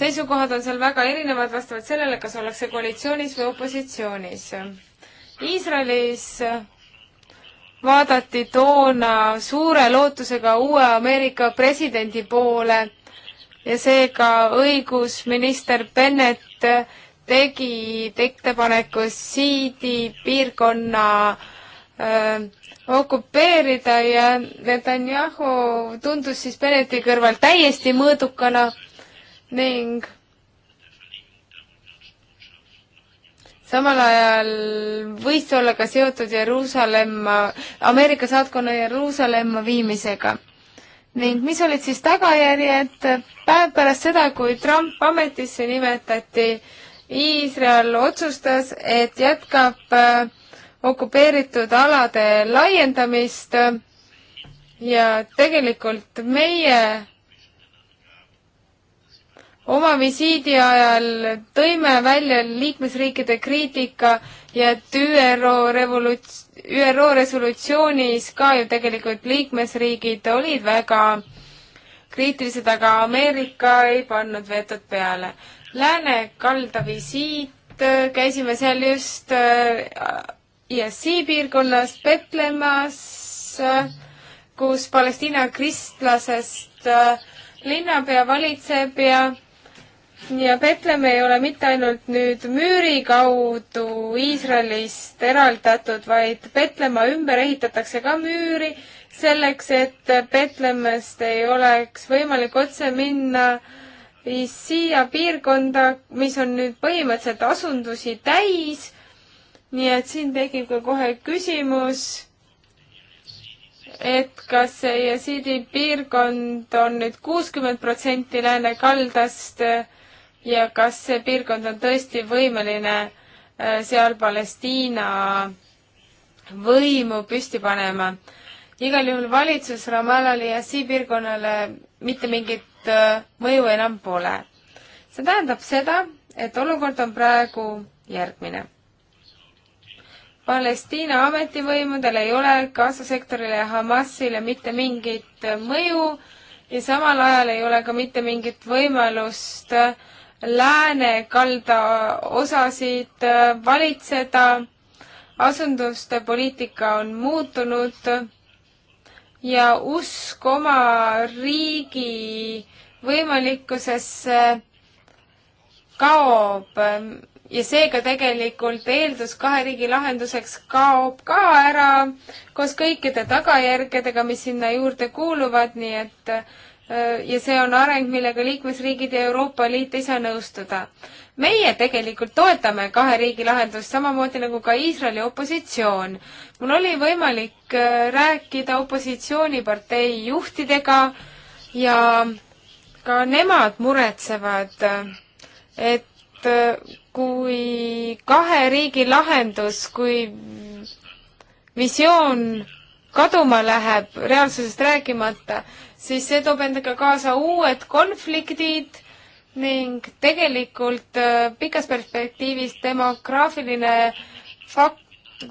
seisukohad on seal väga erinevad vastavalt sellele, kas ollakse koalitsioonis või opositsioonis Iisraelis vaadati toona suure lootusega uue Ameerika presidendi poole ja seega õigusminister Bennett tegi ettepaneku siidi piirkonna öö, äh, okupeerida ja Netanyahu tundus siis Bennetti kõrval täiesti mõõdukana ning samal ajal võis see olla ka seotud Jeruusalemma, Ameerika saatkonna Jeruusalemma viimisega ning mis olid siis tagajärjed päev pärast seda, kui Trump ametisse nimetati, Iisrael otsustas, et jätkab äh, okupeeritud alade laiendamist ja tegelikult meie oma visiidi ajal tõime välja liikmesriikide kriitika ja et ÜRO revoluts-, ÜRO resolutsioonis ka ju tegelikult liikmesriigid olid väga kriitilised, aga Ameerika ei pannud vetot peale. Lääne kalda visiit, äh, käisime seal just äh, ISI piirkonnas Petlemas, äh, kus Palestiina kristlasest linnapea valitseb ja ja Betlem ei ole mitte ainult nüüd müüri kaudu Iisraelist eraldatud, vaid Betlema ümber ehitatakse ka müüri selleks, et Betlemmest ei oleks võimalik otse minna siia piirkonda, mis on nüüd põhimõtteliselt asundusi täis. nii et siin tekib ka kohe küsimus, et kas see jesiidi piirkond on nüüd kuuskümmend protsenti lääne kaldast ja kas see piirkond on tõesti võimeline äh, seal Palestiina võimu püsti panema. igal juhul valitsus Ramallali ja Sii piirkonnale mitte mingit äh, mõju enam pole. see tähendab seda, et olukord on praegu järgmine. Palestiina ametivõimudel ei ole Gaza sektorile ja Hamasile mitte mingit äh, mõju ja samal ajal ei ole ka mitte mingit võimalust äh, läänekalda osasid äh, valitseda. asunduste poliitika on muutunud ja usk oma riigi võimalikkusesse kaob ja seega tegelikult eeldus kahe riigi lahenduseks kaob ka ära koos kõikide tagajärgedega, mis sinna juurde kuuluvad, nii et äh, Äh, ja see on areng, millega liikmesriigid ja Euroopa Liit ei saa nõustuda. meie tegelikult toetame kahe riigi lahendust, samamoodi nagu ka Iisraeli opositsioon. mul oli võimalik äh, rääkida opositsioonipartei juhtidega ja ka nemad muretsevad, äh, et kui kahe riigi lahendus, kui visioon kaduma läheb, reaalsusest rääkimata, siis see toob endaga kaasa uued konfliktid ning tegelikult äh, pikas perspektiivis demograafiline fakt,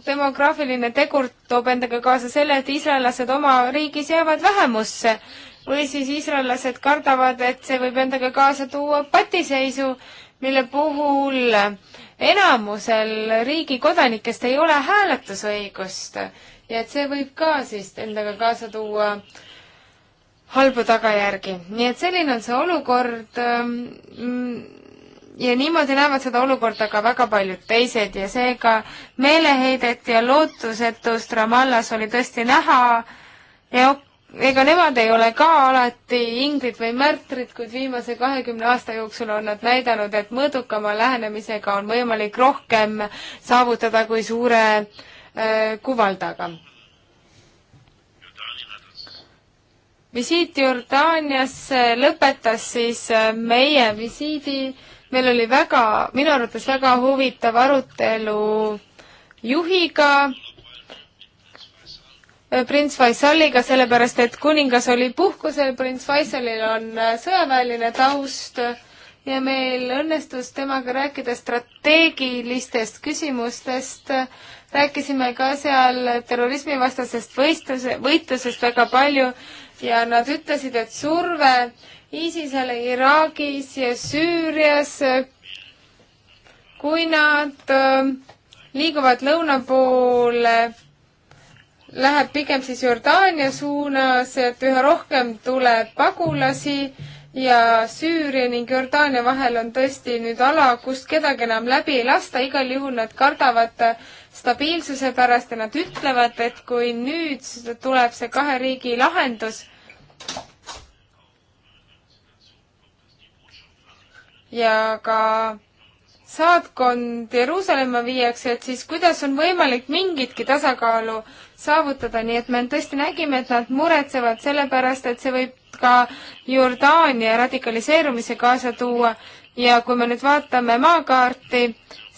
demograafiline tegur toob endaga kaasa selle, et iisraellased oma riigis jäävad vähemusse või siis iisraellased kardavad, et see võib endaga kaasa tuua patiseisu, mille puhul enamusel riigi kodanikest ei ole hääletusõigust ja et see võib ka siis endaga kaasa tuua äh, halbu tagajärgi. nii et selline on see olukord ähm, mm, ja niimoodi näevad seda olukorda ka väga paljud teised ja seega meeleheidet ja lootusetust Ramallas oli tõesti näha ja ega nemad ei ole ka alati inglid või märtrid, kuid viimase kahekümne aasta jooksul on nad näidanud, et mõõdukama lähenemisega on võimalik rohkem saavutada kui suure äh, kuvaldaga visiit Jordaaniasse lõpetas siis äh, meie visiidi. meil oli väga, minu arvates väga huvitav arutelu juhiga, äh, prints Faisaliga, sellepärast et kuningas oli puhkusel, prints Faisalil on äh, sõjaväeline taust ja meil õnnestus temaga rääkida strateegilistest küsimustest, rääkisime ka seal terrorismivastasest võistluse, võitlusest väga palju ja nad ütlesid, et surve ISISele Iraagis ja Süürias, kui nad ähm, liiguvad lõuna poole, läheb pigem siis Jordaania suunas, et üha rohkem tuleb pagulasi ja Süüria ning Jordaania vahel on tõesti nüüd ala, kust kedagi enam läbi ei lasta, igal juhul nad kardavad äh, stabiilsuse pärast ja nad ütlevad, et kui nüüd tuleb see kahe riigi lahendus ja ka saatkond Jeruusalemma viiakse, et siis kuidas on võimalik mingitki tasakaalu saavutada, nii et me tõesti nägime, et nad muretsevad selle pärast, et see võib ka Jordaania radikaliseerumise kaasa tuua ja kui me nüüd vaatame maakaarti,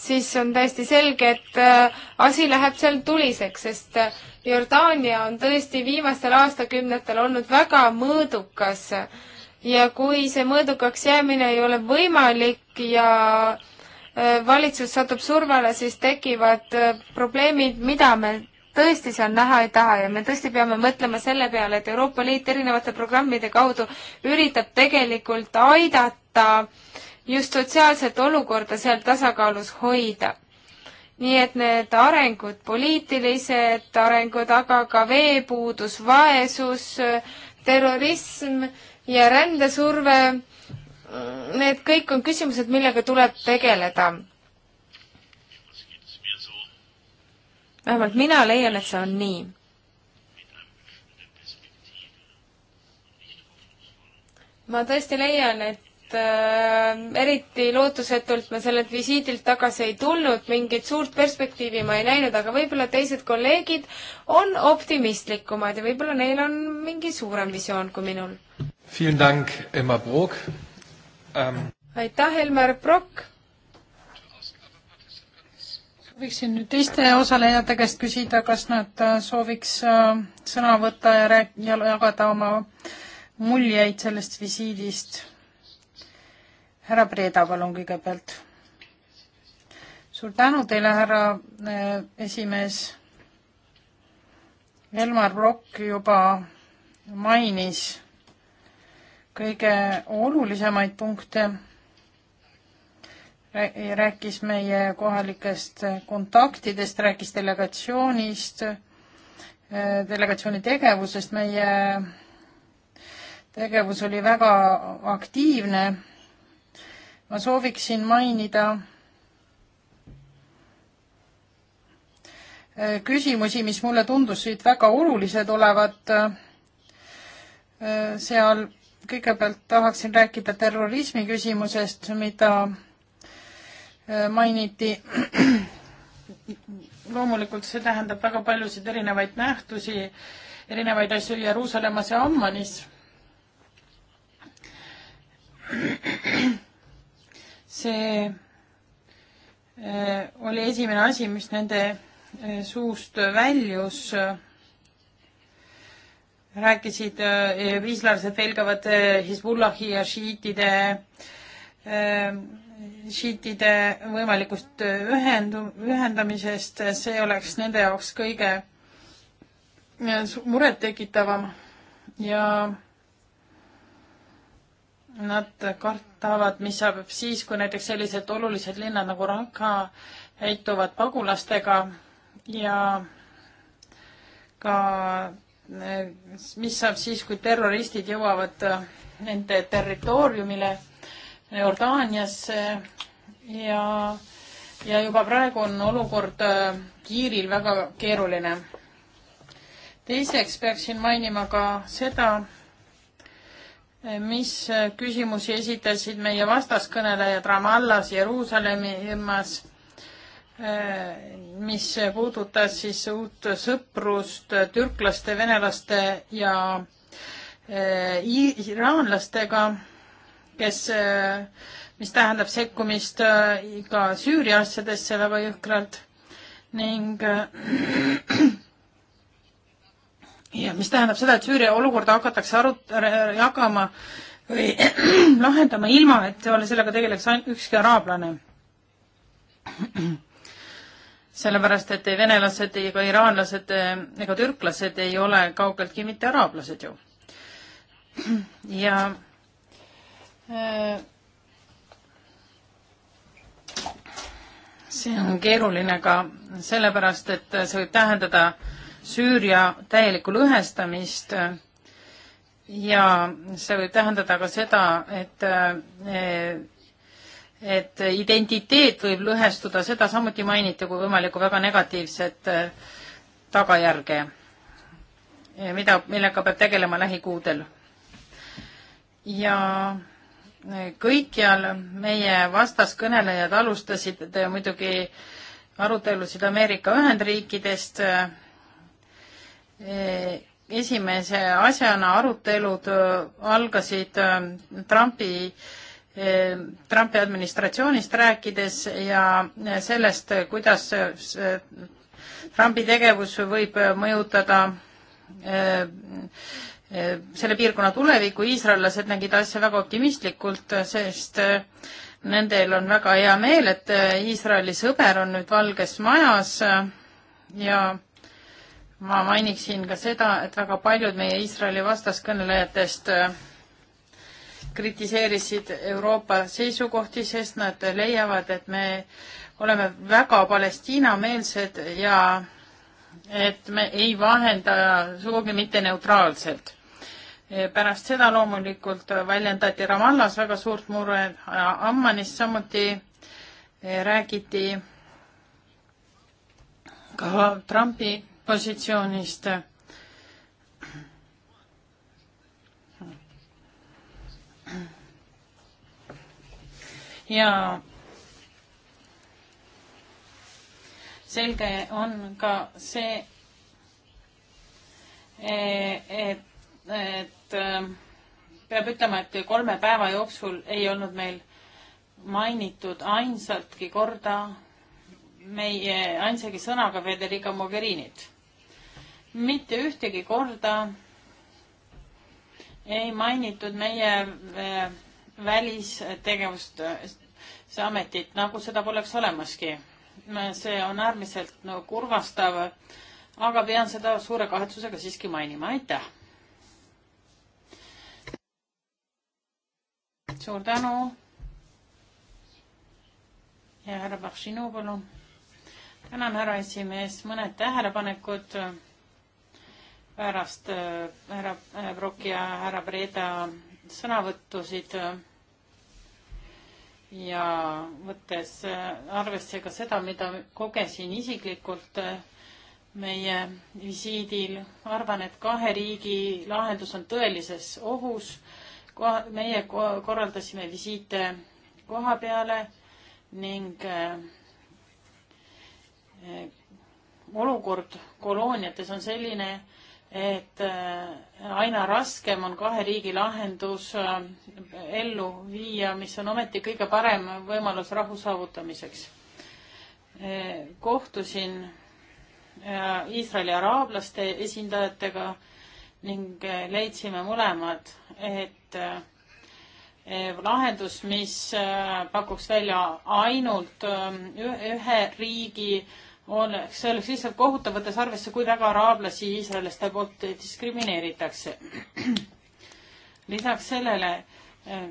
siis on täiesti selge, et äh, asi läheb seal tuliseks, sest äh, Jordaania on tõesti viimastel aastakümnetel olnud väga mõõdukas ja kui see mõõdukaks jäämine ei ole võimalik ja äh, valitsus satub survele, siis tekivad probleemid, mida me tõesti seal näha ei taha ja me tõesti peame mõtlema selle peale, et Euroopa Liit erinevate programmide kaudu üritab tegelikult aidata äh, just sotsiaalset olukorda seal tasakaalus hoida. nii et need arengud, poliitilised arengud, aga ka veepuudus, vaesus, terrorism ja rändesurve, need kõik on küsimused, millega tuleb tegeleda vähemalt mina leian, et see on nii. ma tõesti leian, et Äh, eriti lootusetult me sellelt visiidilt tagasi ei tulnud, mingit suurt perspektiivi ma ei näinud, aga võib-olla teised kolleegid on optimistlikumad ja võib-olla neil on mingi suurem visioon kui minul. Ähm. aitäh, Elmar Brok! võiksin nüüd teiste osalejate käest küsida, kas nad äh, sooviks äh, sõna võtta ja rääk-, ja jagada oma muljeid sellest visiidist härra Preeda, palun kõigepealt. suur tänu teile, härra eh, esimees. Elmar Brokk juba mainis kõige olulisemaid punkte rääkis meie kohalikest kontaktidest, rääkis delegatsioonist, eh, delegatsiooni tegevusest, meie tegevus oli väga aktiivne ma sooviksin mainida äh, küsimusi, mis mulle tundusid väga olulised olevat. Äh, seal kõigepealt tahaksin rääkida terrorismi küsimusest, mida äh, mainiti. loomulikult see tähendab väga paljusid erinevaid nähtusi, erinevaid asju Jeruusalemmas ja Ammanis see äh, oli esimene asi, mis nende äh, suust väljus. rääkisid, äh, iislased pelgavad Hezbollahi ja šiitide, šiitide võimalikust ühendu-, ühendamisest, see oleks nende jaoks kõige murettekitavam ja nad kart-, kannatavad, mis saab siis, kui näiteks sellised olulised linnad nagu Ranka heituvad pagulastega ja ka mis saab siis, kui terroristid jõuavad äh, nende territooriumile Jordaaniasse ja, ja juba praegu on olukord Kiiril äh, väga keeruline. teiseks peaksin mainima ka seda, mis äh, küsimusi esitasid meie vastaskõnelejad Ramallas, Jeruusalemmas, äh, mis puudutas siis uut sõprust türklaste, venelaste ja äh, iraanlastega, kes, mis tähendab sekkumist ka Süüria asjadesse väga jõhkralt ning ja mis tähendab seda, et Süüria olukorda hakatakse arut-, äh, jagama või lahendama ilma, et sellega tegeleks ainult ükski araablane. sellepärast, et ei venelased, ei ka iraanlased äh, ega türklased ei ole kaugeltki mitte araablased ju. ja äh, see on keeruline ka sellepärast, et see võib tähendada äh, Süüria täielikku lõhestamist ja see võib tähendada ka seda, et eh, et identiteet võib lõhestuda, seda samuti mainiti kui võimalikku väga negatiivset eh, tagajärge, eh, mida, millega peab tegelema lähikuudel. ja kõikjal meie vastaskõnelejad alustasid muidugi arutelusid Ameerika Ühendriikidest äh, Eh, esimese asjana arutelud eh, algasid eh, Trumpi, Trumpi administratsioonist rääkides ja sellest, kuidas Trumpi tegevus võib mõjutada selle piirkonna tulevikku, iisraellased nägid asja väga optimistlikult, sest nendel on väga hea meel, et Iisraeli sõber on nüüd Valges Majas ja ma mainiksin ka seda, et väga paljud meie Iisraeli vastaskõnelejatest äh, kritiseerisid Euroopa seisukohti, sest nad leiavad, et me oleme väga Palestiina-meelsed ja et me ei vahenda sugugi mitte neutraalselt. Äh, pärast seda loomulikult väljendati Ramallas väga suurt mure, äh, Ammanis samuti räägiti ka Trumpi positsioonist. ja selge on ka see, e, et, et ähm, peab ütlema, et kolme päeva jooksul ei olnud meil mainitud ainsatki korda meie ainsagi sõnaga Federica Mogherinit mitte ühtegi korda ei mainitud meie eh, välistegevust, see ametit, nagu seda poleks olemaski. see on äärmiselt no, kurvastav, aga pean seda suure kahetsusega siiski mainima, aitäh. suur tänu. ja härra Bakšinu, palun. tänan, härra esimees, mõned tähelepanekud pärast äh, härra äh, Brock ja härra Breda sõnavõttusid äh, ja võttes arvesse ka seda, mida kogesin isiklikult meie visiidil, arvan, et kahe riigi lahendus on tõelises ohus. meie korraldasime visiite koha peale ning olukord kolooniates on selline, et äh, aina raskem on kahe riigi lahendus äh, ellu viia, mis on ometi kõige parem võimalus rahu saavutamiseks. Äh, kohtusin Iisraeli araablaste esindajatega ning leidsime mõlemad, et lahendus, mis pakuks välja ainult ühe riigi oleks, see oleks lihtsalt kohutav, võttes arvesse, kui väga araablasi iisraellaste poolt diskrimineeritakse. lisaks sellele äh,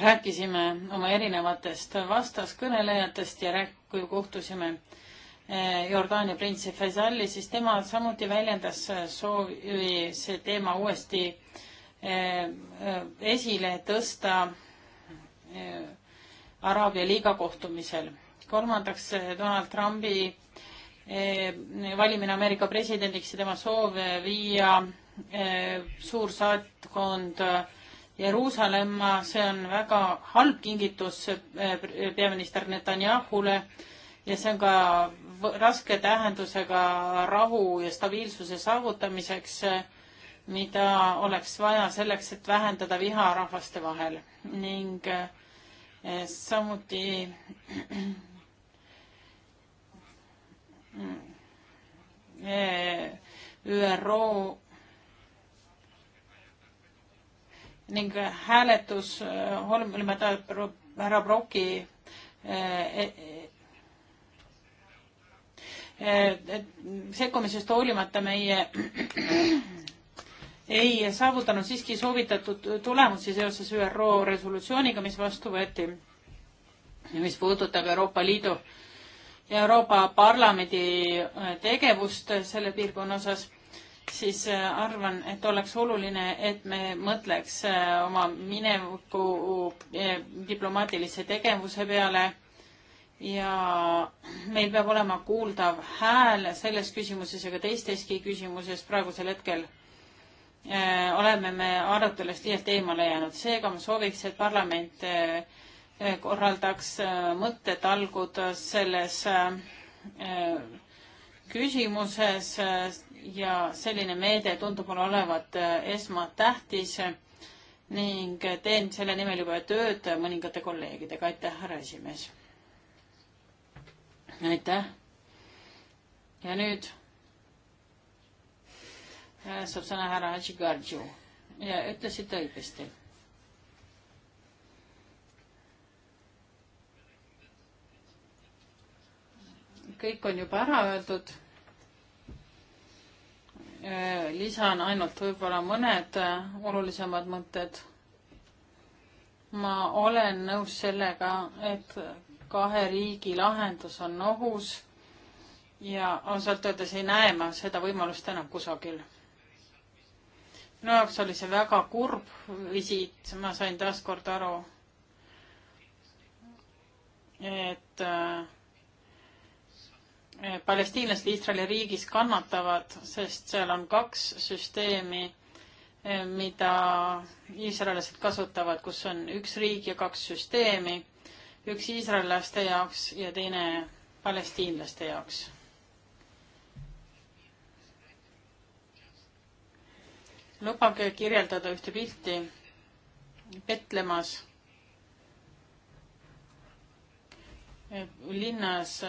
rääkisime oma erinevatest vastaskõnelejatest ja rääk-, kui kohtusime äh, Jordaania printsi Faisali, siis tema samuti väljendas eh, soovi see teema uuesti äh, esile tõsta Araabia liiga kohtumisel kolmandaks eh, Donald Trumpi eh, valimine Ameerika presidendiks ja tema soov eh, viia suursaatkond Jeruusalemma, see on väga halb kingitus peaminister Netanyahule ja see on ka raske tähendusega rahu ja stabiilsuse saavutamiseks, mida oleks vaja selleks, et vähendada viha rahvaste vahel ning samuti Mm. Eh, ÜRO ning eh, hääletus eh, hoolimata härra Broki e-, sekkumisest hoolimata meie ei saavutanud siiski soovitatud tulemusi seoses ÜRO resolutsiooniga, mis vastu võeti, mis puudutab Euroopa Liidu äh, Euroopa Parlamendi äh, tegevust selle piirkonna osas, siis äh, arvan, et oleks oluline, et me mõtleks äh, oma mineviku diplomaatilise tegevuse peale ja meil peab olema kuuldav hääl selles küsimuses ja ka teisteski küsimuses praegusel hetkel oleme me arutelust tihelt eemale jäänud, seega ma sooviks, et parlament korraldaks äh, mõttetalgud selles äh, küsimuses äh, ja selline meede tundub mulle olevat esmatähtis ning teen selle nimel juba tööd mõningate kolleegidega. aitäh, härra esimees. aitäh. ja nüüd saab sõna härra Hadži Gardžu ja ütlesite õigesti kõik on juba ära öeldud. Äh, lisan ainult võib-olla mõned äh, olulisemad mõtted. ma olen nõus sellega, et kahe riigi lahendus on ohus ja ausalt öeldes ei näe ma seda võimalust enam kusagil. minu jaoks oli see väga kurb visiit, ma sain taaskord aru, et äh, palestiinlased Iisraeli riigis kannatavad, sest seal on kaks süsteemi, eh, mida iisraellased kasutavad, kus on üks riik ja kaks süsteemi, üks iisraellaste jaoks ja teine palestiinlaste jaoks. lubage kirjeldada ühte pilti Petlemas linnas,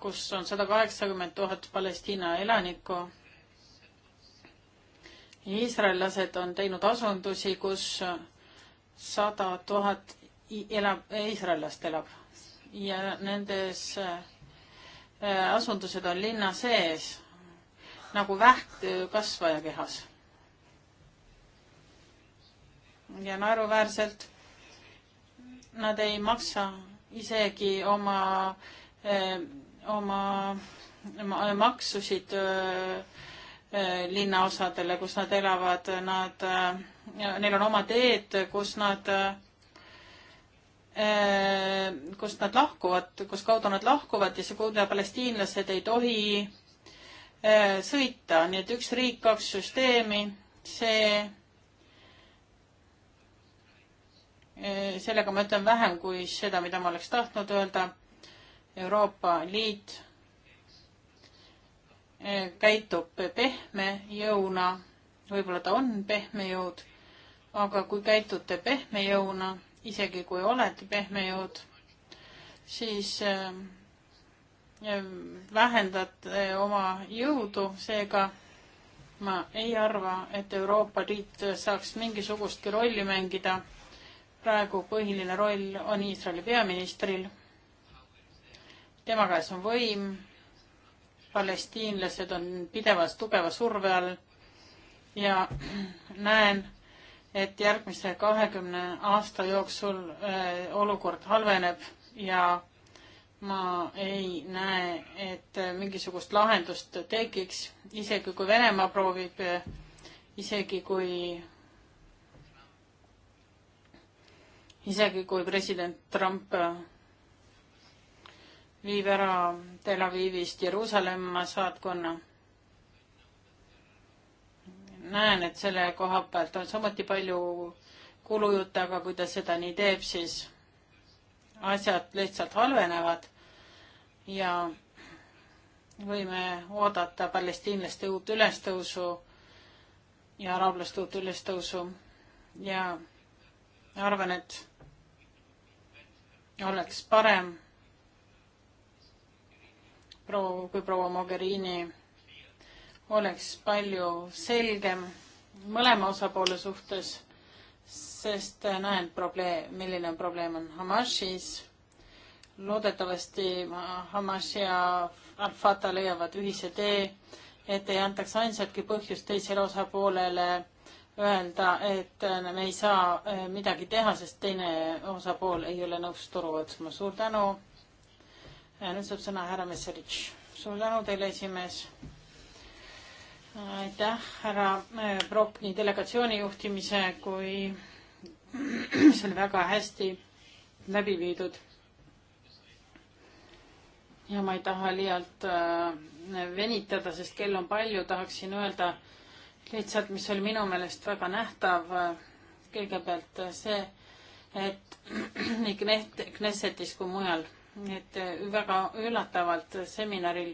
kus on sada kaheksakümmend tuhat Palestiina elanikku. iisraellased on teinud asundusi, kus sada tuhat elab, iisraellast elab ja nendes äh, asundused on linna sees nagu vähk kasvaja kehas. ja naeruväärselt nad ei maksa isegi oma, eh, oma maksusid eh, eh, linnaosadele, kus nad elavad, nad, neil on oma teed, kus nad, kust nad lahkuvad, kus kaudu nad lahkuvad ja see kuulda palestiinlased ei tohi sõita, nii et üks riik, kaks süsteemi, see Äh, sellega ma ütlen vähem kui seda, mida ma oleks tahtnud öelda. Euroopa Liit äh, käitub pehme jõuna, võib-olla ta on pehme jõud, aga kui käitute pehme jõuna, isegi kui olete pehme jõud, siis äh, vähendate oma jõudu, seega ma ei arva, et Euroopa Liit saaks mingisugustki rolli mängida praegu põhiline roll on Iisraeli peaministril. tema käes on võim. palestiinlased on pidevas tugeva surve all ja näen, et järgmise kahekümne aasta jooksul äh, olukord halveneb ja ma ei näe, et mingisugust lahendust tekiks, isegi kui Venemaa proovib, äh, isegi kui isegi kui president Trump äh, viib ära Tel Avivist Jeruusalemma saatkonna. näen, et selle koha pealt on samuti palju kulujutte, aga kui ta seda nii teeb, siis asjad lihtsalt halvenevad ja võime oodata palestiinlaste uut ülestõusu ja araablaste uut ülestõusu ja arvan, et oleks parem proua, kui proua Mogherini oleks palju selgem mõlema osapoole suhtes, sest näen probleem, milline probleem on Hamasis. loodetavasti Hamas ja Al-Fatah leiavad ühise tee, et ei antaks ainsatki põhjust teisele osapoolele öelda, et äh, me ei saa äh, midagi teha, sest teine osapool ei ole nõus turu võtma. suur tänu. nüüd saab sõna härra Messerich. suur tänu teile, esimees. aitäh härra Prokk äh, nii delegatsiooni juhtimise kui see oli väga hästi läbi viidud. ja ma ei taha liialt venitada, sest kell on palju, tahaksin öelda lihtsalt, mis oli minu meelest väga nähtav, kõigepealt see, et nii Knessetis kui mujal, et väga üllatavalt seminaril,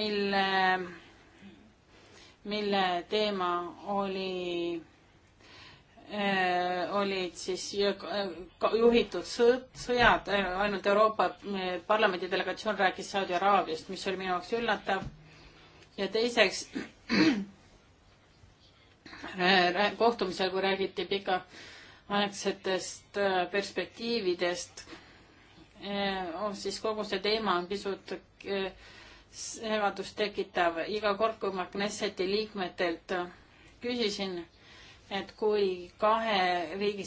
mille, mille teema oli, äh, olid siis juhitud sõd, sõjad, ainult Euroopa Parlamendi delegatsioon rääkis Saudi Araabiast, mis oli minu jaoks üllatav ja teiseks kohtumisel, kui räägiti pikaaegsetest äh, perspektiividest, eh, siis kogu see teema on pisut eh, segadust tekitav. iga kord, kui ma Knesseti liikmetelt küsisin, et kui kahe riigi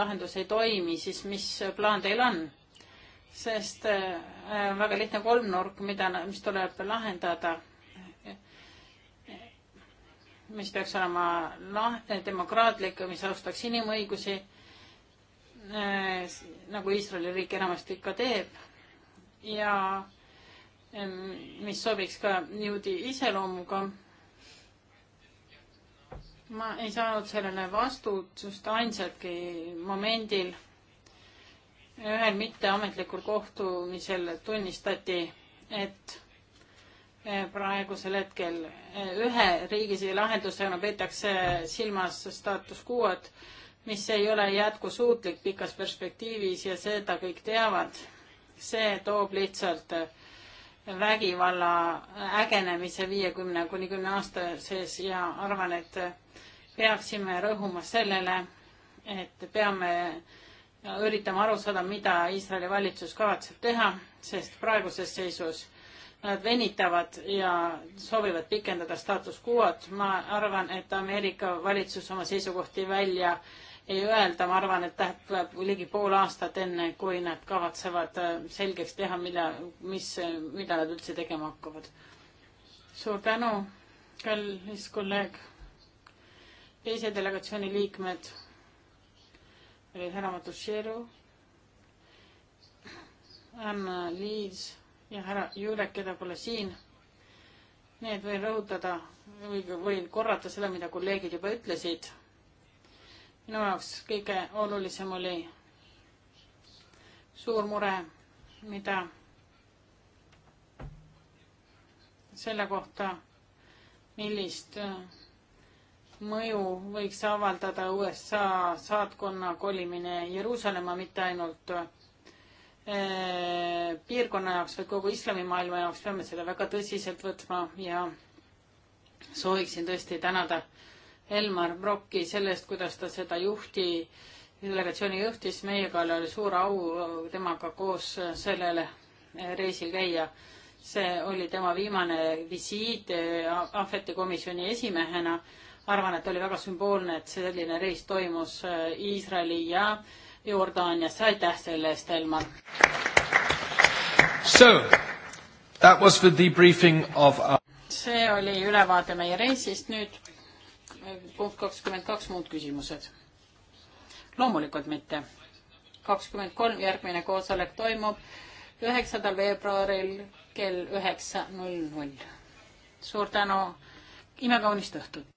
lahendus ei toimi, siis mis plaan teil on? sest eh, on väga lihtne kolmnurk, mida, mis tuleb lahendada mis peaks olema lahtne, demokraatlik, mis austaks inimõigusi eh, nagu Iisraeli riik enamasti ikka teeb ja mis sobiks ka juudi iseloomuga. ma ei saanud sellele vastutust ainsatki momendil. ühel mitteametlikul kohtumisel tunnistati, et praegusel hetkel. ühe riigisi lahendusena peetakse silmas staatus quo'd, mis ei ole jätkusuutlik pikas perspektiivis ja seda kõik teavad. see toob lihtsalt vägivalla ägenemise viiekümne kuni kümne aasta sees ja arvan, et peaksime rõhuma sellele, et peame üritama aru saada, mida Iisraeli valitsus kavatseb teha, sest praeguses seisus Nad venitavad ja soovivad pikendada staatus quo'd. ma arvan, et Ameerika valitsus oma seisukohti välja ei öelda, ma arvan, et läheb ligi pool aastat, enne kui nad kavatsevad äh, selgeks teha, mida, mis, mida nad üldse tegema hakkavad. suur tänu, kallis kolleeg. teise delegatsiooni liikmed olid härra Matušeru, Anna Liis ja härra Jurek, keda pole siin. nii et võin rõhutada või võin korrata seda, mida kolleegid juba ütlesid. minu jaoks kõige olulisem oli suur mure, mida selle kohta, millist äh, mõju võiks avaldada USA saatkonna kolimine Jeruusalemma mitte ainult äh, Äh, piirkonna jaoks, vaid kogu islamimaailma jaoks peame seda väga tõsiselt võtma ja sooviksin tõesti tänada Elmar Brocki selle eest, kuidas ta seda juhti, delegatsiooni juhtis, meiega oli suur au temaga koos sellel reisil käia. see oli tema viimane visiit äh, Ahveti komisjoni esimehena. arvan, et oli väga sümboolne, et selline reis toimus äh, Iisraeli ja äh, Jordaaniasse, aitäh selle eest, Elmar! So, that was the debriefing of our... see oli ülevaade meie reisist, nüüd punkt kakskümmend kaks, muud küsimused? loomulikult mitte. kakskümmend kolm järgmine koosolek toimub üheksandal veebruaril kell üheksa null null. suur tänu, imekaunist õhtut!